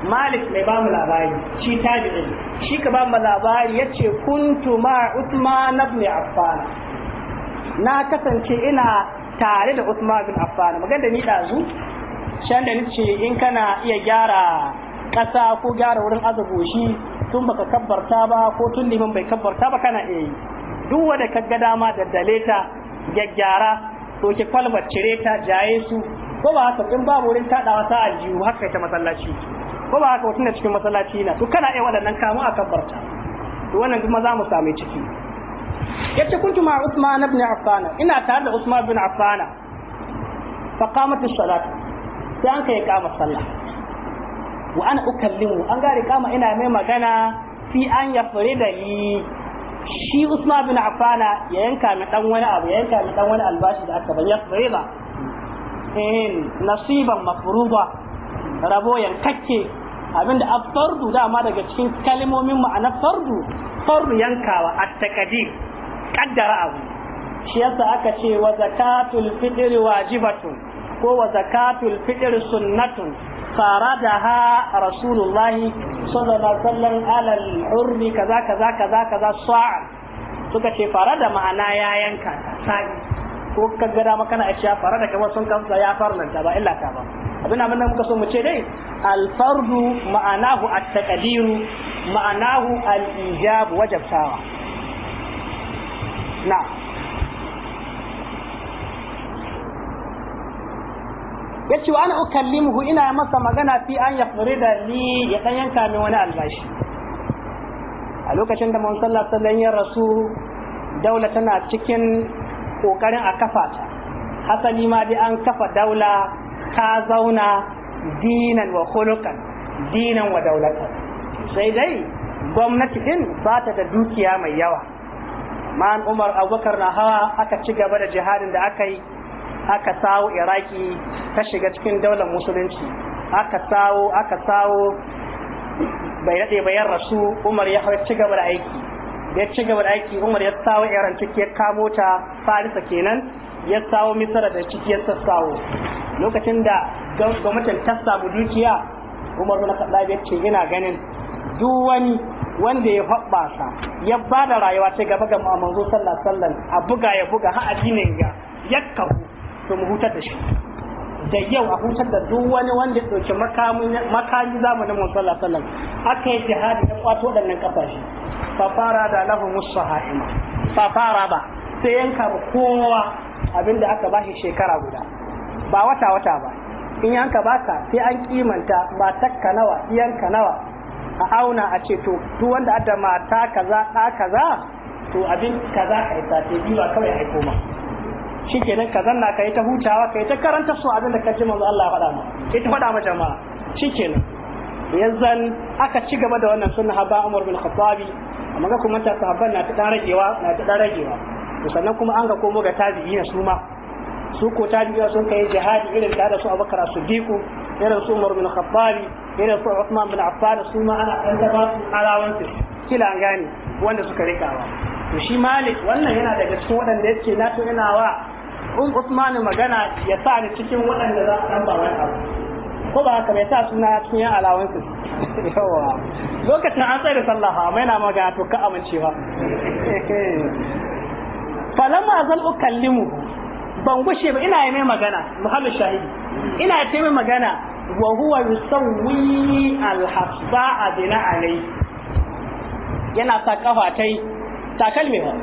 malik mai bamu labari shi tabi'in shi ka bamu labari yace kuntu ma usman ibn affan na kasance ina tare da Usman bin Affan magan da ni dazu shan da nace in kana iya gyara kasa ko gyara wurin azabushi tun baka kabbarta ba ko tun limin bai kabbarta ba kana iya yi duk wanda ka ga dama da daleta gyaggyara to ki kwalbar cire ta jaye su ko ba haka in babu wurin tadawa sa aljihu haka ta masallaci ko ba haka wutun cikin masallaci na to kana iya waɗannan kamu a kabbarta to wannan kuma za mu same ciki yace kuntu ma Usman ibn Affan ina tare da Usman ibn Affan fa qamat as-salat sai an kai kama sallah wa ana ukallimu an gare kama ina mai magana fi an ya da ni shi Usman ibn Affan ya yanka mi dan wani abu ya yanka mi dan wani albashi da aka ban ya farida in eh, nasiban mafruda rabo yankakke abinda a fardu dama daga cikin kalmomin ma'ana fardu fardu yankawa at-taqdir kaddara abu shi yasa aka ce wa zakatul fitr wajibatun ko wa zakatul fitr sunnatun faradaha rasulullahi sallallahu alaihi wasallam alal hurmi kaza kaza kaza kaza sa'a suka ce farada ma'ana ya yanka sa'i ko ka ga dama kana a ciya farada kamar sun kamsa ya farlanta ba illa ta ba abin abin da muka so mu ce dai alfardu ma'anahu at-taqdiru ma'anahu al-ijab wajabtawa na ya ce wa ana ukallimuhu ina masa magana fi an ya da ni ya dan yanka min wani albashi a lokacin da mun sallah sallan ya rasu daula tana cikin kokarin a kafa ta hasali ma dai an kafa daula ta zauna dinan wa khuluqan dinan wa daulatan sai dai gwamnati din ba ta da dukiya mai yawa man umar abubakar na hawa aka ci gaba da jihadin da aka yi aka sawo iraki ta shiga cikin daular musulunci aka sawo aka sawo bai daɗe bayan rasu umar ya ci gaba da aiki ya ci gaba da aiki umar ya sawo iran ciki ya kamo ta farisa kenan ya sawo misra da ciki ya sassawo lokacin da gwamnatin ta samu dukiya umar na khattab ya ce ina ganin duk wani wanda ya sa ya ba da rayuwa ce gaba ga manzo sallah sallan a buga ya buga ha addinin ga yakka to mu hutar da shi da yau a hutar da duk wani wanda ya ɗauki makami zamanin manzo sallah sallan aka yi jihadi na kwato waɗannan ƙasashe fa fara da lahu musaha'ima fa fara ba sai yanka ba kowa abinda aka bashi shekara guda ba wata wata ba in yanka baka sai an kimanta ba takka nawa iyanka nawa a auna a ce to duk wanda adda mata kaza ɗa kaza to abin kaza ka isa ce biyu ba kawai ai koma shi kenan ka zanna ka yi ta hutawa ka yi ta karanta su abin da ka ji manzo Allah ya faɗa ma ya ta faɗa ma jama'a shi kenan yanzan aka ci gaba da wannan sunna haba Umar bin Khattab amma ga kuma ta sahabban na ta dan ragewa na ta ɗan ragewa sannan kuma an ga komo ga tabi'ina su ma su ko tabi'a sun kai jihadi irin da da su Abubakar as irin su Umar bin Khattab irin su Usman bin Affan su ma ana dan da su alawansu kila gani wanda suka rika ba. to shi Malik wannan yana daga cikin waɗanda yake na to ina wa in Uthman magana ya sa ni cikin waɗanda za a ba wani abu ko ba haka bai sa suna cikin yan alawansu yawa lokacin an tsaye da sallah amma yana magana to ka amincewa falamma zal ukallimu ban gushe ba ina yi mai magana muhammad shahidi ina yi mai magana wa huwa yusawwi alhafsa adina alai yana sa kafa ta kalme ba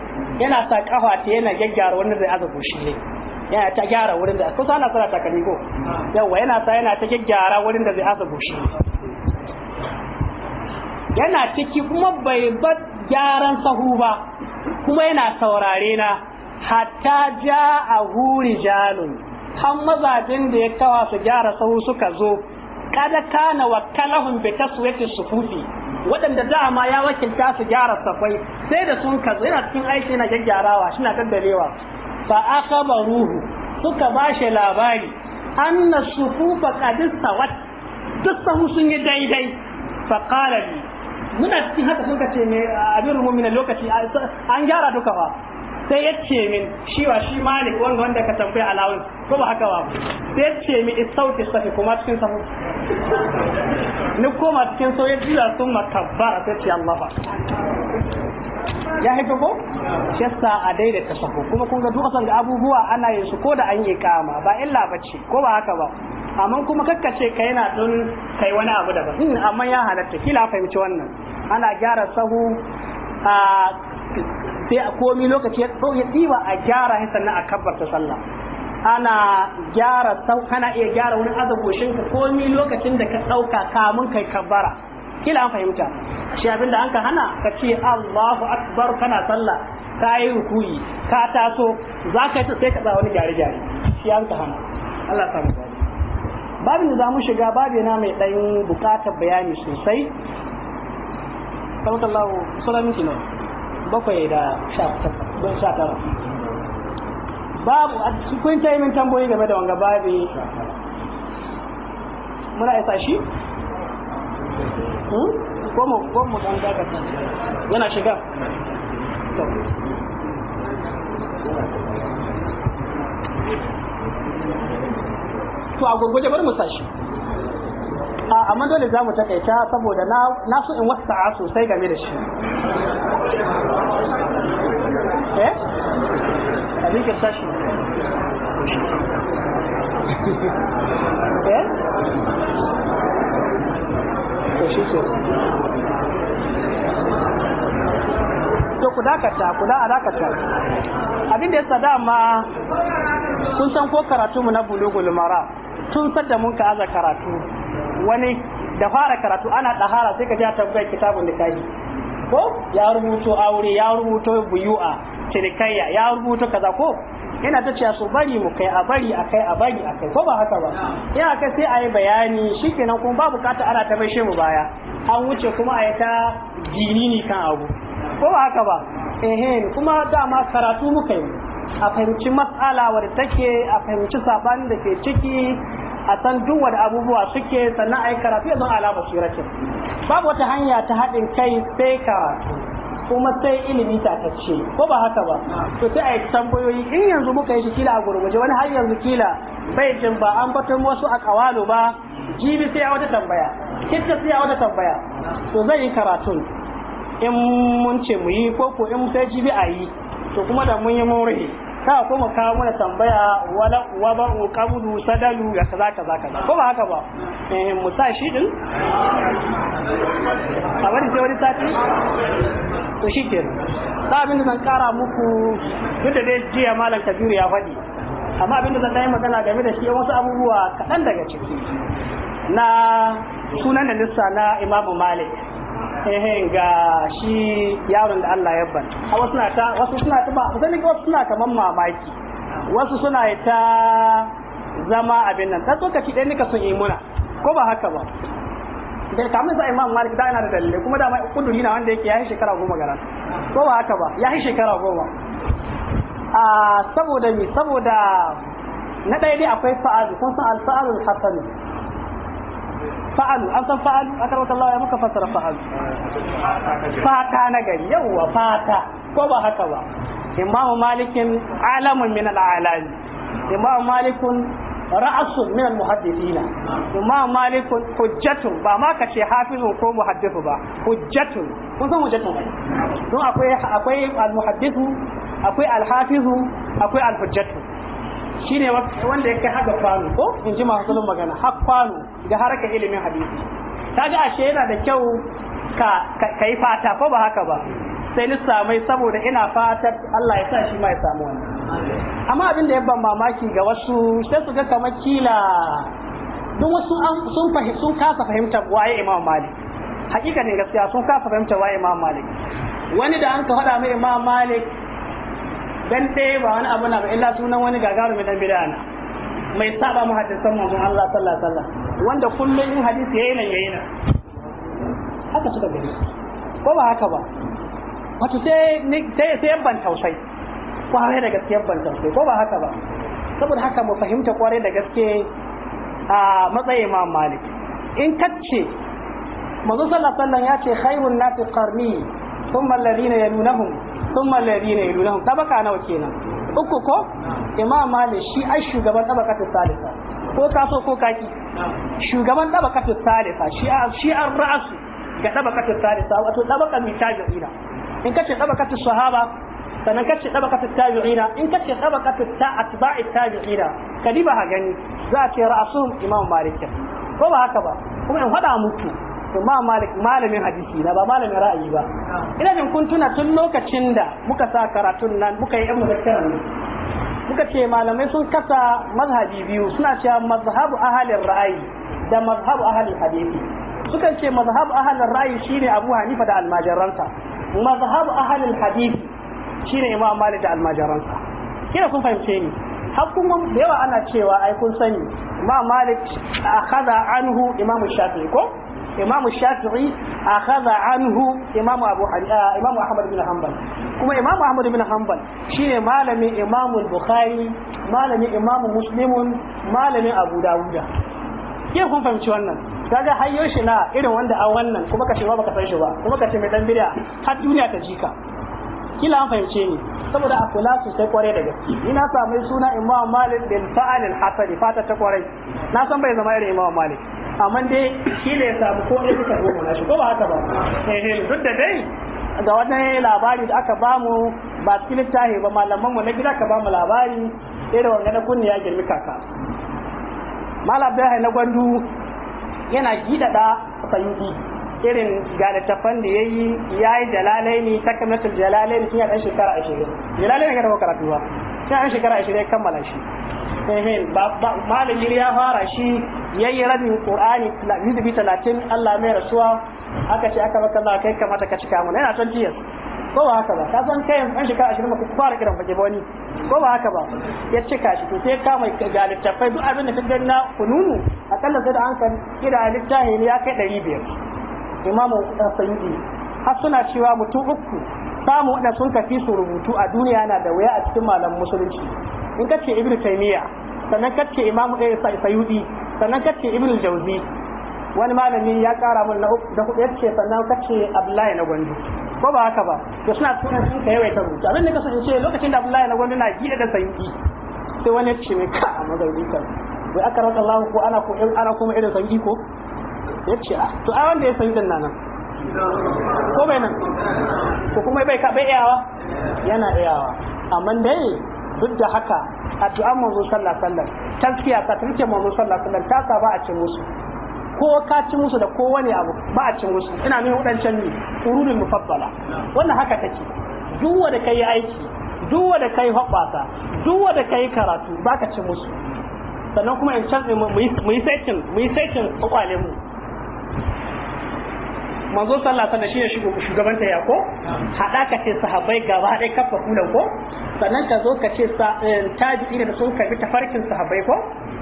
yana sa kafa ta yana gyaggyara wannan da aka gushi ne yana ta gyara wurin da kusa sana sana takalmi ko yawa yana sa yana ta gyaggyara wurin da zai aka gushi yana ciki kuma bai bar gyaran sahu ba kuma yana saurare na hatta a ja'ahu rijalun har mazajin da ya kawa su gyara sahu suka zo kada kana wakkalahum bi taswiyati sufufi waɗanda ma ya wakilta su gyara safai sai da sun kazo yana cikin aiki na gyaggyarawa shi na daddalewa fa akhbaruhu suka ba shi labari anna sufufa qad sawat duk sahu sun yi daidai fa qala muna cikin haka sun ce ne abin rumumin lokaci an gyara duka fa sai ya ce min shi wa shi malik wanda wanda ka tambaya alawun ko ba haka ba sai ya ce min sauke safi kuma cikin safu ni koma cikin so ya jira sun makabara sai ce Allah ba ya haifa ko shi yasa a daidaita safu kuma kun ga duk san ga abubuwa ana yin su ko da an yi kama ba illa bace ko ba haka ba amma kuma kakkace ka yana don kai wani abu daban hmm, amma ya halatta kila fahimci wannan ana gyara sahu a sai a komi lokaci ya ya ɗiba a gyara shi sannan a kabbarta sallah ana gyara sau kana iya gyara wani azaboshin ka komi lokacin da ka ɗauka kamun kai kabbara kila an fahimta shi abinda an ka hana ka ce Allahu akbar kana sallah ka yi rukuyi ka taso za ka yi sai ka wani gyare gyare shi an ka hana Allah ta shiga babi na mai ɗan bukatar bayani sosai sallallahu alaihi wasallam bakwai da sha tara babu a cikin taimin tamboyi game da wanga babi muna isa shi hmm? ko mu don mu dan daga yana shiga to a gurguje bari mu sashi a amma dole za mu takaita saboda na so in wasa sosai game da shi eh abin kirta eh? shi to ku dakata ku da dakata abin da yasa dama kun san ko karatu mu na bulugul mara tun sadda mun ka aza karatu wani da fara karatu ana dahara sai ka ji ta tabbai kitabun da kaji ko ya rubuto aure ya rubuto buyu'a cinikayya ya rubuto kaza ko yana ta cewa su bari mu kai a bari a kai a bari a kai ko ba haka ba ya ka sai ayi yi bayani shikenan kuma ba bukata ana ta bashe mu baya an wuce kuma a yi ta ne kan abu ko ba haka ba ehe kuma dama karatu muka yi a fahimci matsala wadda take a fahimci sabanin da ke ciki a san duk wani abubuwa suke sannan a yi karatu ya zan ala basiratin babu wata hanya ta haɗin kai sai karatu kuma sai ilimi ce ko ba haka ba to sai a yi tambayoyi in yanzu muka yi shi kila a gurguje wani har yanzu kila bai ba an batun wasu a kawalo ba jibi sai a wata tambaya kitta sai a wata tambaya to zai yi karatun in mun ce mu yi ko ko in sai jibi a yi to kuma da mun yi mun ka kuma ka mana tambaya wala waba'u kabudu sadalu ya kaza kaza kaza ko ba haka ba eh mu sa shi din a wani sai wani sati to shi ke ta abin da zan kara muku duk da dai jiya malam kabiru ya faɗi amma abin da zan yi magana game da shi wasu abubuwa kaɗan daga ciki na sunan da lissa na imamu malik Ehe ga shi yaron da Allah ya ban wasu suna ta wasu suna ta ba sani wasu suna kaman mamaki wasu suna ta zama abin nan ta lokaci ɗaya nika sun yi muna ko ba haka ba da kamun sa imam malik da yana da dalilai kuma da mai kuduri na wanda yake ya yi shekara goma garan ko ba haka ba ya yi shekara goma a saboda mi saboda na ɗaya dai akwai fa'adu kun san al-fa'alul hasanu fa'alu an san fa'alu akar wata Allah ya muka fassara fa'alu fata na gari yawa fata ko ba haka ba imam malikin alamun min al'alami imam malikun ra'asun min al-muhaddithina imam Malikun hujjatun ba ma kace hafizun ko muhaddisu ba hujjatun kun san hujjatun ai don akwai akwai al muhaddisu, akwai al-hafizu akwai al-hujjatu Shi ne wanda ya kai haka kwano ko in ji masu sulun magana har kwano ga harkar ilimin hadisi kaga ashe yana da kyau ka yi fata ko ba haka ba sai lissamai saboda ina fatar Allah ya sa shi ma ya samu wani amma abin da ya ban mamaki ga wasu sai su ga kamar kila duk wasu sun sun kasa fahimtar waye Imam Malik hakika ne gaskiya sun kasa fahimtar waye Imam Malik wani da an ka faɗa mai Imam Malik dan ba wani abu na ba illa sunan wani mai dan bid'a na mai saba mu hadisan manzon Allah sallallahu alaihi wasallam wanda kullum in hadisi yayin nan yayin nan haka suka gani ko ba haka ba wato sai sai sai ban tausayi kwarai da gaske ban tausayi ko ba haka ba saboda haka mu fahimta kwarai da gaske a matsayin Imam Malik in kace manzon sallallahu alaihi wasallam ya ce khairun nafi qarni thumma alladhina yalunahum thumma alladhina yalunahum tabaka nawa kenan uku ko imam malik shi ai shugaban tabaka ta salisa ko ka so ko kaki shugaban tabaka ta salisa shi shi an ra'asu ga tabaka ta salisa wato tabaka mai tabi'ina in kace tabaka ta sahaba sannan kace tabaka ta tabi'ina in kace tabaka ta atba'i tabi'ina kadiba ha gani za a ce ra'asuhum imam malik ko ba haka ba kuma in faɗa muku imam malik malamin hadisi na ba malamin ra'ayi ba ina jin kun tuna tun lokacin da muka sa karatun nan muka yi ibnu zakkaran muka ce malamai sun kasa mazhabi biyu suna cewa mazhabu ahalin ra'ayi da mazhabu ahalin hadisi suka ce mazhabu ahalin ra'ayi shine abu hanifa da almajiransa mazhabu ahalin hadisi shine imam malik da almajiransa kina kun fahimce ni hakkun da yawa ana cewa ai kun sani imam malik akhadha anhu imam shafi'i ko imamu shafi'i akhadha anhu imamu abu ah, imamu ahmad bin hanbal kuma imamu ahmad bin hanbal shine malamin imamu bukhari malamin imamu muslimun malamin abu dawuda ke kun fahimci wannan kaga hayyo shi na irin wanda a wannan kuma ka ba baka san shi ba kuma ka mai dan bid'a har duniya ta jika kila an fahimce ni saboda a kula sosai kwarai da gaske ni na samu suna imamu malik bin fa'al al-hasani fata ta kwarai na san bai zama irin imamu malik amma dai shi ne ya samu ko ne suka goma na shi ko ba haka ba eh, eh duk da dai ga wani labari da aka bamu ba cikin littafi ba malamanmu na gida ka bamu labari irin wanga na kunni ya girmi kaka malam bai na gwandu yana gidada sayudi irin ga littafan da yayi yayi jalalaini takamatul jalalaini tun ya dan shekara 20 ne ga da karatu ba tun ya shekara 20 kammala shi eh, eh ba malami ya fara shi yayi rabin qur'ani hizbi 30 Allah mai rasuwa aka ce aka maka za kai kamata ka cika mun yana son years ko ba haka ba ka san kai an shekara 20 ba ku fara kiran fage ba wani ko ba haka ba ya cika shi to sai ka mai ga littafai duk abin da kaga na kununu akalla sai da an kan kira littafi ne ya kai 500 imamu sayyidi har suna cewa mutum uku samu wadanda sun kafi su rubutu a duniya na da wuya a cikin malam musulunci in ka ce ibnu taymiya sannan ka ce imamu ɗaya sayudi sannan kace ibnu jauzi wani malami ya kara mun da hudu ce sannan kace abdullahi na gwandu ko ba haka ba to suna tuna sun kai wai ta rubuta abin da kaso in ce lokacin da abdullahi na gwandu na gida da sanki sai wani yace mai ka a mazauni ta wai aka rasa Allah ko ana ko ana kuma irin sanki ko yace a ah, to ai wanda ya sanki din nan ko bai nan ko kuma bai ka bai iyawa yana iyawa amma dai duk da haka addu'an manzo sallallahu alaihi wasallam taskiya ta tarke manzo sallallahu alaihi ta sa ba a cin musu ko ka ci musu da kowane abu ba a cin musu ina nuna wadancan ne urudul mufaddala wannan haka take duk wanda kai aiki duk wanda kai hoɓasa duk wanda kai karatu baka ci musu sannan kuma in can mu yi setting mu yi setting mu manzo sallah wasallam shi ne shugaban ta ko hada ka ce sahabbai gaba dai kafa kulan ko sannan ka zo ka ce eh, tabi'i da sun karbi tafarkin sahabbai ko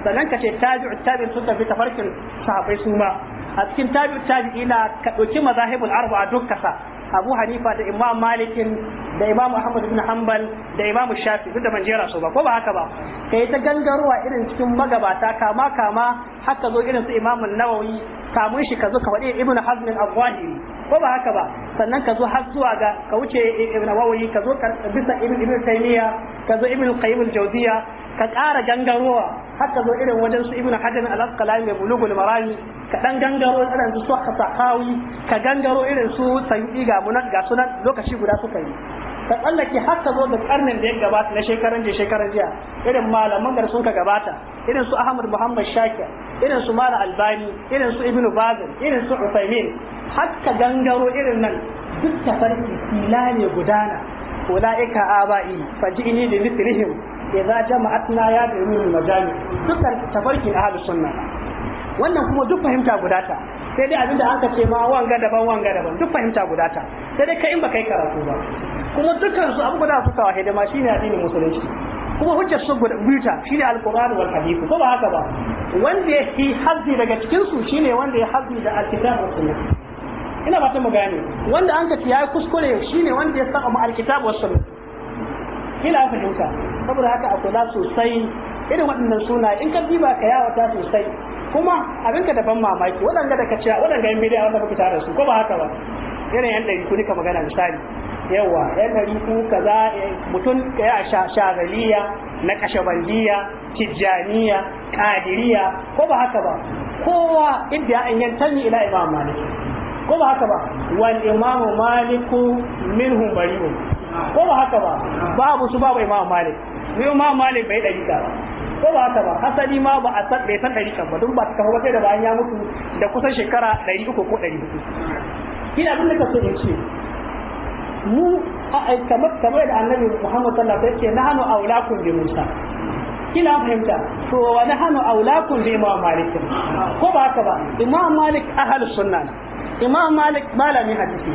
sannan ka ce tabi'u tabi'in sun karbi tafarkin sahabbai su ma a cikin tabi'u tabi'ina ka dauki mazahibul arba'a duk kasa abu hanifa da imam malikin da imam ahmad ibn hanbal da imam shafi duk da ban jera su ba ko ba haka ba kai ta gangarowa irin cikin magabata kama kama haka zo irin su imam nawawi kamun shi ka zo ka faɗi ibn hazm al ko ba haka ba sannan ka zo har zuwa ga ka wuce ibn wawayi ka zo bisa ibn ibn taymiya ka zo ibn qayyim al-jawziya ka ƙara gangarowa haka zo irin wajen su ibn hajar al-asqalani mai bulugul marami ka dan gangaro irin su sakawi ka gangaro irin su sayyidi ga munan ga sunan lokaci guda suka yi ka tsallake har ka zo da karnin da ya gabata na shekaran jiya shekaran jiya irin malaman da sun ka gabata irin su Ahmad Muhammad Shakir irin su Mala Albani irin su Ibn Baz irin su Uthaymeen har ka gangaro irin nan duk tafarki ne gudana ulaika abai faji'ini bi mithlihim idza jama'atna ya bi min majami dukkan tafarki ahlus sunna wannan kuma duk fahimta gudata sai dai abinda aka ce ma wanga daban wanga daban duk fahimta gudata sai dai kai in baka yi karatu ba kuma dukkan su abubuwa suka da hidima shine addinin musulunci kuma hujjar su guda shine alqur'ani wal hadith ko ba haka ba wanda ya yi hazzi daga cikin su shine wanda ya hazzi da alkitab wa sunna ina ba ta mu wanda an kace yayi kuskure shine wanda ya saka mu alkitab wa sunna kila dinka saboda haka a kula sosai irin waɗannan suna in ka diba ka yawata sosai kuma abin ka daban mamaki waɗanda da ka ciya waɗanda yan bidiya wanda muke tare su ko ba haka ba irin yan ɗari ku ka magana misali yawa yan tariku kaza eh, mutum ya shagaliya na kashabandiya tijjaniya kadiriya ko ba haka ba kowa inda idda an yantani ila imam malik ko ba haka ba wal imamu maliku minhum bari'un ko ba haka ba babu su babu imam malik ni imam malik bai dari ba ko ba haka ba hasali ma ba a san bai san dari ba dun ba ta kafa sai da bayan ya mutu da kusan shekara 300 ko 400 ina abin da ka so in ce mu kamar kamar da annabi Muhammad sallallahu alaihi wasallam yake nahnu aulakum bi Musa kila fahimta to wa nahnu aulakum bi Imam Malik ko ba haka ba Imam Malik ahli sunna Imam Malik malami hadisi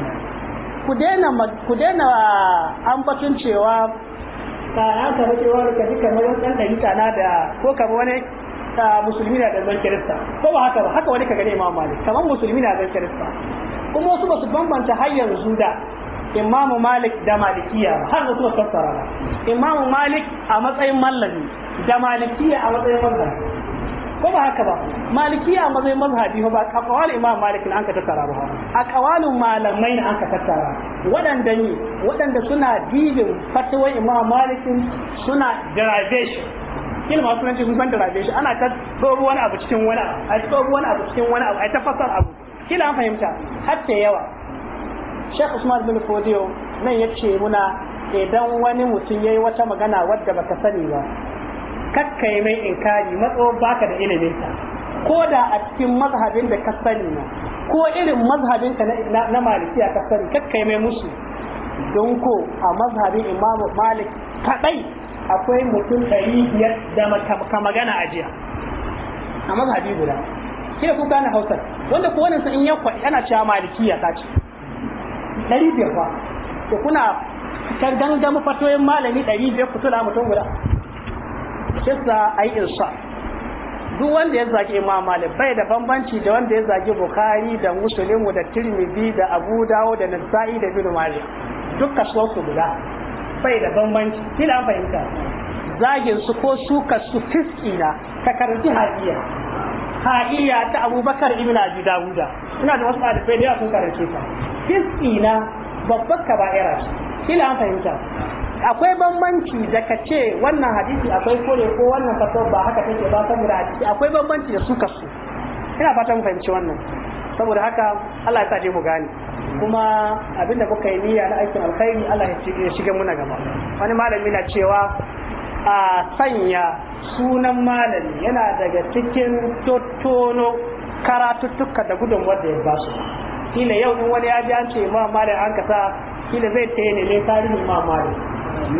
ku daina ku daina ah, ambatun cewa ka haka ba cewa ka ji kamar wani dan dalita na da ko kamar wani ah, musulmi na da zan kirista ko ba haka ba haka wani ka gane Imam Malik kamar musulmi na zan kirista kuma wasu ba su bambanta har yanzu da imamu malik da malikiya har da suka fassara imamu malik a matsayin mallami da malikiya a matsayin mallami ko ba haka ba malikiya a matsayin mazhabi ba a kawal imam malik na anka ka tattara ba a kawalin malamai na anka ka tattara waɗanda ne waɗanda suna dibin fatawar imam Malik suna derivation kin ma sunan sun san derivation ana ta tsoro wani abu cikin wani abu a tsoro wani abu cikin wani abu a ta fasar abu kila an fahimta har yawa Sheikh Usman bin Fodiyo nan yace ce muna idan wani mutum yayi wata magana wadda baka sani ba kakkai mai inkari matso baka da ilimin ta ko da a cikin mazhabin da ka sani na ko irin mazhabin ka na malikiya ka sani kakkai mai musu don ko a mazhabin Imam Malik kadai akwai mutum ɗari biyar da ka magana a jiya a mazhabi guda sai ku gane Hausa wanda ko wannan in yakwa kwaɗi ana cewa malikiya ta ce ɗari biyar fa to kuna kan fatoyin malami ɗari biyar ku tuna mutum guda kisa ai insa duk wanda ya zagi imam malik bai da bambanci da wanda ya zagi bukhari da muslim da tirmidhi da abu dawo da nasa'i da bin majah duk kasuwar su guda bai da bambanci kila fahimta zagin su ko suka su fiski na ta karanci hadiya ta abubakar ibn abi dawuda ina da wasu ɗalibai da yawa sun karance ta fiski na babbar kaba'ira kila an fahimta akwai bambanci da ka ce wannan hadisi akwai kore ko wannan fato ba haka take ba saboda hadisi akwai bambanci da su kasu ina fatan fahimci wannan saboda haka Allah ya sa mu gane kuma abinda muka yi niyya na aikin alkhairi Allah ya shige muna gaba wani malami na cewa a sanya sunan malami yana daga cikin tottono karatuttuka da gudunmuwar da ya basu kila yau in wani ya ji an ce imam malik an kasa kila zai ta ne ne tarihin imam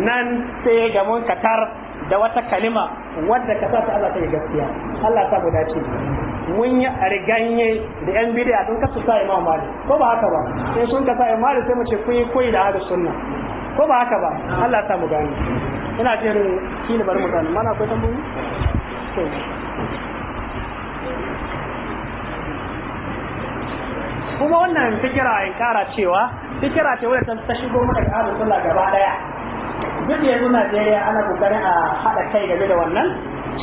nan sai ga mun katar da wata kalima wadda ka sa ta Allah ta yi gaskiya Allah ta mu dace mun yi arganye da yan bidiya sun kasu sa imam malik ko ba haka ba sai sun kasa imam malik sai mu ce kuyi koyi da hada sunna ko ba haka ba Allah ta mu gani ina jin kila bari mu gani mana akwai tambayoyi kuma wannan fikira in kara cewa fikira ce wadda ta shigo maka da ahlus sunna gaba daya duk yanzu Najeriya ana kokarin a hada kai game da wannan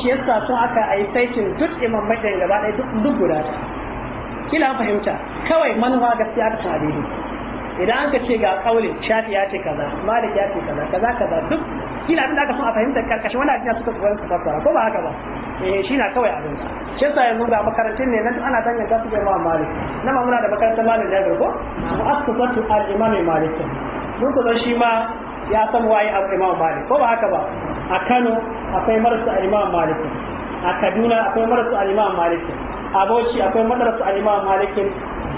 shi yasa sun aka ai saitin duk imamai da gaba daya duk guda kila fahimta kawai manuwa gaskiya ta tabiri idan an ce ga kaulin shafi ya ce kaza malik ya ce kaza kaza kaza duk kila abin da aka so a fahimta karkashin wani da suka tsoron su fassara ko ba haka ba eh shi na kawai abin shi yasa yanzu ga makarantun ne nan ana danganta su ga Imam Malik nan muna da makarantar Malik Jabir ko mu asqatu al-Imam Malik mun ko shi ma ya san waye al Imam Malik ko ba haka ba a Kano akwai marasu al-Imam Malik a Kaduna akwai marasu al-Imam Malik a Bauchi akwai madrasa al-Imam Malik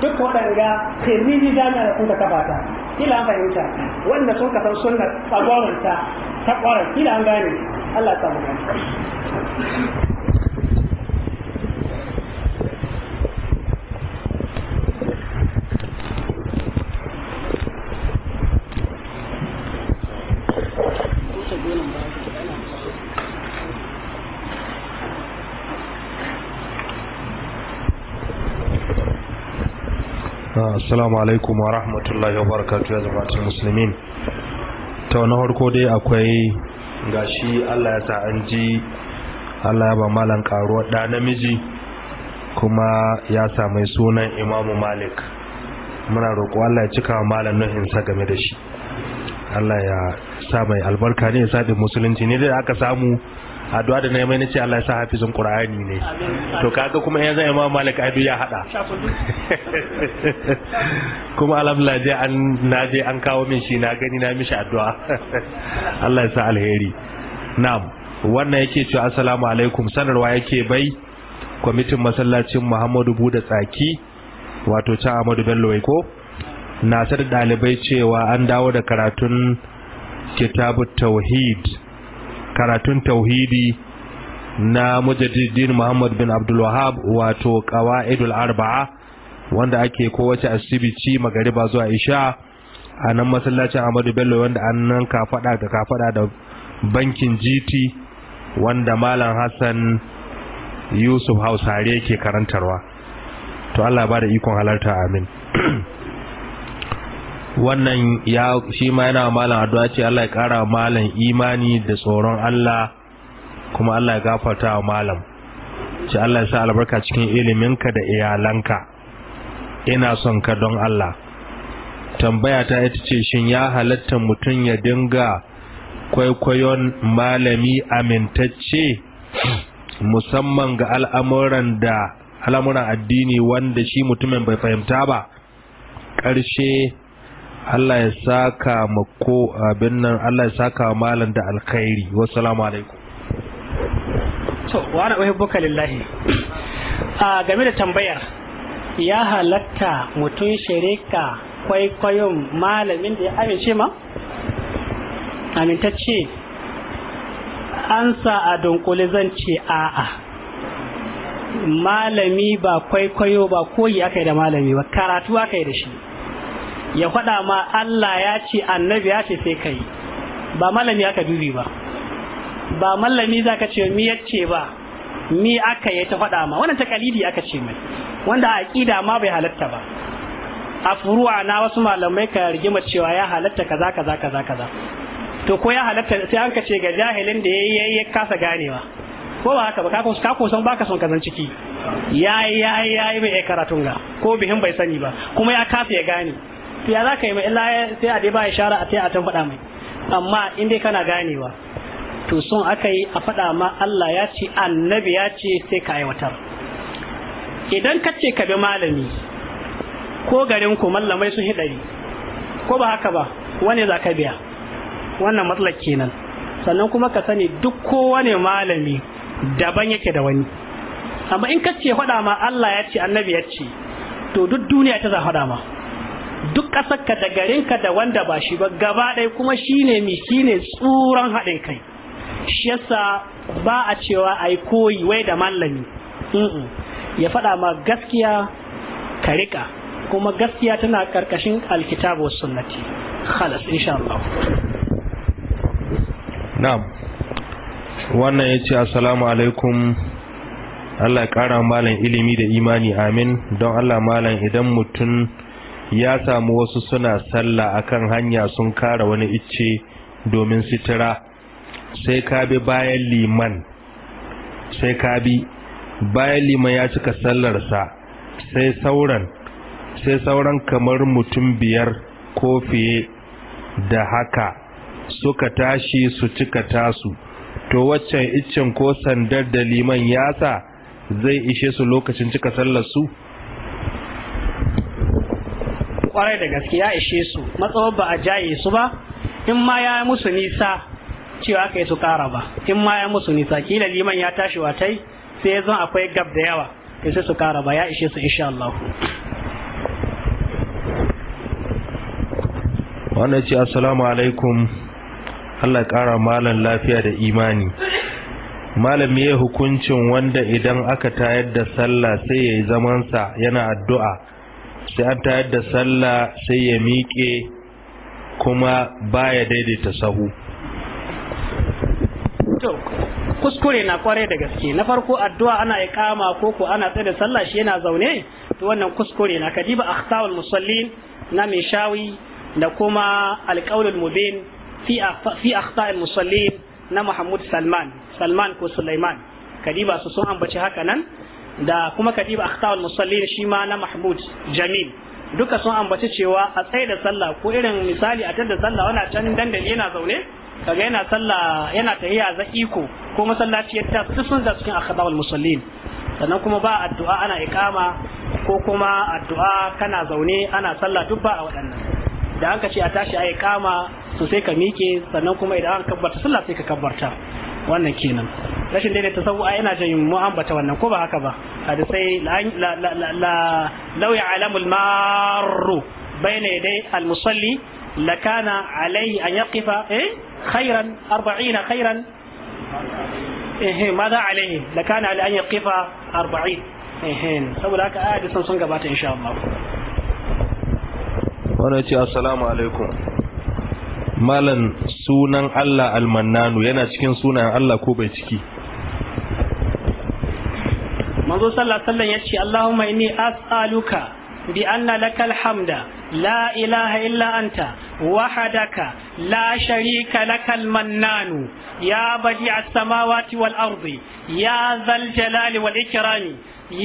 duk waɗanda kirmini jami'a da sun ka kafa ta kila fahimta wanda sun ka san sunnar tsagwaranta ta ƙwarar kila an gane Allah ta mu gane ah, Assalamu alaikum wa rahmatullahi wa barakatuhu ya jama'atul musulmin. to na harko dai akwai ga shi Allah ya sa an ji Allah ya ba malan karuwar da namiji kuma ya sa mai sunan Imamu Malik muna roƙo Allah ya cika malan nuhin sa game da shi Allah ya sa mai albarka ne ya sa musulunci ne da aka samu addu'a da nayi mai nace Allah ya sa hafizin Qur'ani ne to kaga kuma yanzu Imam Malik ai ya hada kuma alhamdulillah je an naje an kawo min shi na gani na mishi addu'a Allah ya sa alheri na'am wannan yake cewa assalamu alaikum sanarwa yake bai kwamitin masallacin Muhammadu Buda Tsaki wato ta Ahmadu Bello ko na sar dalibai cewa an dawo da karatun kitabut tauhid karatun tauhidi na mujaddidin Muhammad bin Abdul Wahhab wato qawaidul arba'a wanda ake kowace asibiti magariba zuwa isha a nan masallacin Ahmadu Bello wanda an nan ka fada da ka fada da bankin GT wanda Malam Hassan Yusuf Hausare yake karantarwa to Allah ba da ikon halarta amin wannan ya shi ma yana malam addu'a ce Allah ya kara malam imani da tsoron Allah kuma Allah ya gafarta wa malam ce Allah ya sa albarka cikin iliminka da iyalanka ina son ka don Allah tambaya ta ita ce shin ya halatta mutum ya dinga kwaikwayon malami amintacce musamman ga al'amuran da al'amuran addini wanda shi mutumin bai fahimta ba ƙarshe Allah ya saka ma ko abin nan Allah ya saka wa malam da alkhairi wa salamu alaikum to wa ana uhibbuka lillahi a game da tambayar ya halatta mutum shirika kwaikwayon malamin da ya amince ma amintacce an sa a dunkule zan ce a'a malami ba kwaikwayo ba koyi aka yi da malami ba karatu aka yi da shi ya faɗa ma Allah ya ce annabi ya ce sai kai ba malami aka dubi ba ba malami za ka ce mi ce ba mi aka yi ta faɗa ma wannan kalidi aka ce mai wanda a kida ma bai halatta ba a furuwa na wasu malamai ka rigima cewa ya halatta kaza kaza kaza kaza to ko ya halatta sai an ka ce ga jahilin da yayi ya kasa ganewa ko ba haka ba ka kusan baka son kazan ciki yayi yayi yayi bai karatun ga ko bihin bai sani ba kuma ya kasa ya gane ya za ka yi mai illa sai a dai ba ishara a taya a can faɗa mai amma in dai kana ganewa to sun aka yi a faɗa ma Allah ya ce annabi ya ce sai ka aiwatar idan ka ce ka bi malami ko garin ku mallamai sun hidari ko ba haka ba wani za ka biya wannan matsalar kenan sannan kuma ka sani duk kowane malami daban yake da wani amma in ka ce faɗa ma Allah ya ce annabi ya ce to duk duniya ta za faɗa ma duk ƙasar ka da garin da wanda ba shi ba gaba ɗaya kuma ne mi ne tsuran haɗin kai shi yasa ba a cewa a yi koyi wai da mallami ya faɗa ma gaskiya ka riƙa kuma gaskiya tana ƙarƙashin alkitabu sunnati khalas insha Allah na'am wannan ya ce assalamu alaikum Allah ya ƙara malam ilimi da imani amin don Allah malam idan mutum ya samu wasu suna sallah akan hanya sun kara wani icce domin sitira sai ka bi bayan liman sai ka bi bayan liman ya cika sallarsa sai sauran sai sauran kamar mutum biyar ko fiye da haka suka tashi su cika tasu to waccan iccen ko sandar da liman ya sa zai ishe su lokacin cika sallar su kwarai da gaske ya ishe su matsawar ba a jaye su ba in ma ya musu nisa cewa aka yi su kara ba in ma ya musu nisa kila liman ya tashi watai sai ya zan akwai gab da yawa ya sai su kara ba ya ishe su insha Allah wannan ce assalamu alaikum Allah kara malan lafiya da imani malam ya hukuncin wanda idan aka tayar da sallah sai ya yi zamansa yana addu'a sai an tayar da sallah sai ya miƙe kuma baya daidaita sahu kuskure na kware da gaske na farko addu'a ana ikama ko ko ana tsaye da sallah shi yana zaune to wannan kuskure na kadiba akhtawul musallin na mishawi shawi da kuma alqaulul mubin fi fi akhtaul musallin na Muhammad Salman Salman ko Sulaiman kadiba su sun ambaci haka nan da kuma kadiba akhtawul musallin shi ma na mahmud jamil duka sun ambaci cewa a tsaye da sallah ko irin misali a tada sallah wana can dandali yana zaune kaga yana sallah yana za iko ko masallaci ya ta sun da cikin akhtawul musallin sannan kuma ba addu'a ana iqama ko kuma addu'a kana zaune ana sallah duk ba a waɗannan da an ka ce a tashi a iqama to sai ka miƙe sannan kuma idan an kabbarta sallah sai ka kabbarta wannan kenan rashin ta sahu yana jin mu ambata wannan ko ba haka ba hadisai la la ya'lamu al-marru bayna yaday al-musalli lakana alayhi an yaqifa eh khayran 40 khayran eh madha alayhi lakana alayhi an yaqifa 40 eh saboda haka a hadisan sun gabata insha Allah wannan ce assalamu alaikum malan sunan Allah almannanu yana cikin sunan Allah ko bai ciki manzo sallallahu alaihi wasallam yace allahumma inni as'aluka bi anna lakal hamda la ilaha illa anta wahdaka la sharika lakal mannanu ya badi as samawati wal ardi ya zal jalali wal ikrami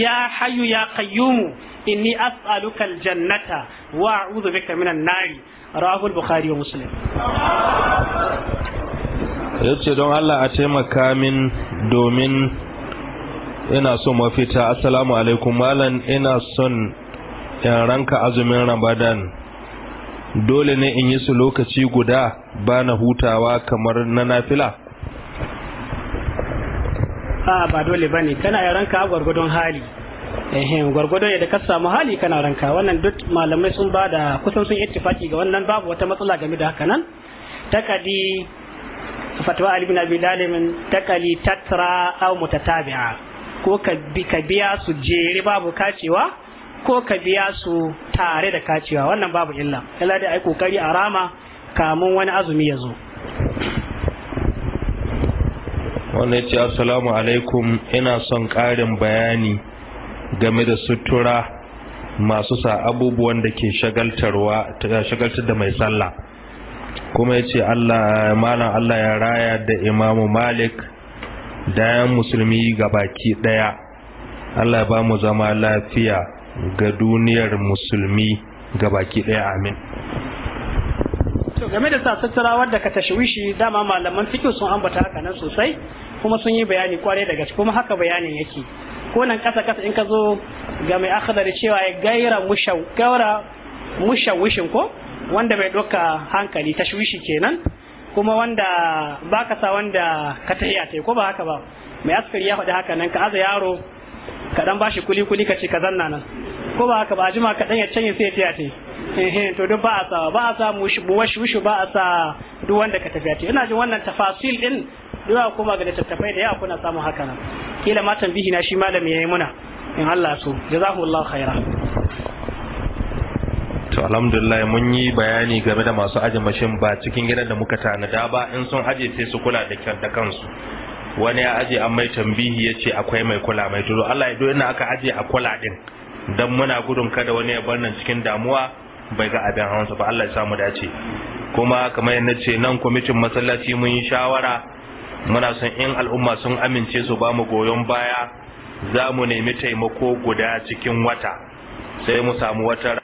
ya hayyu ya qayyum inni as'aluka al jannata wa a'udhu bika minan nari rawahu al bukhari wa muslim ya ce don Allah a taimaka min domin ina so mafita assalamu alaikum malam ina son in ranka azumin ramadan dole ne in yi su lokaci guda ba na hutawa kamar na nafila a ba dole ba ne kana yaran ranka gwargwadon hali ehem gwargwadon yadda ka samu hali kana ranka wannan duk malamai sun ba da kusan sun ittifaki ga wannan babu wata matsala game da haka nan takadi fatwa ali bin abi dalibin takali tatra aw mutatabi'a ko ka bi ka biya su jere babu kacewa ko ka biya su tare da kacewa wannan babu illa illa dai ai kokari a rama kamun wani azumi ya zo wannan ya ce assalamu alaikum ina son ƙarin bayani game da sutura masu sa abubuwan da ke shagaltar da mai sallah kuma ya ce malam Allah ya raya da imamu malik dayan musulmi ga baki daya Allah ba mu zama lafiya ga duniyar musulmi ga baki daya amin to game da sassattara wadda ka tashwishi dama malaman fikin sun ambata haka nan sosai kuma sun yi bayani kwarai daga ciki kuma haka bayanin yake ko nan kasa kasa in ka zo ga mai akhdari cewa ya gaira mushaw gaura mushawishin ko wanda bai ɗauka hankali ta tashwishi kenan kuma wanda ba ka sa wanda ka tahiya ta ko ba haka ba mai askari ya faɗi haka nan ka aza yaro ka dan bashi kuli kuli ka ce ka zanna nan ko ba haka ba jima ka dan ya canye sai ya tahiya tai to duk ba a sa ba a sa mushi wushi ba a sa duk wanda ka tafiya ta ina jin wannan tafasil din zuwa kuma ga littattafai da yawa kuna samun haka nan kila ma tambihi na shi malami ya yi muna in Allah so jazakumullahu khaira to alhamdulillah mun yi bayani game da masu aje mashin ba cikin gidan da muka tanada ba in sun aje sai su kula da kyan kansu wani ya aje an mai tambihi ya ce akwai mai kula mai tuzo Allah ya doyin aka aje a kula din dan muna gudun kada wani ya bar nan cikin damuwa bai ga abin hawansa ba Allah ya samu dace kuma kamar yadda ce nan kwamitin masallaci mun yi shawara muna son in al'umma sun amince su ba mu goyon baya za mu nemi taimako guda cikin wata sai mu samu wata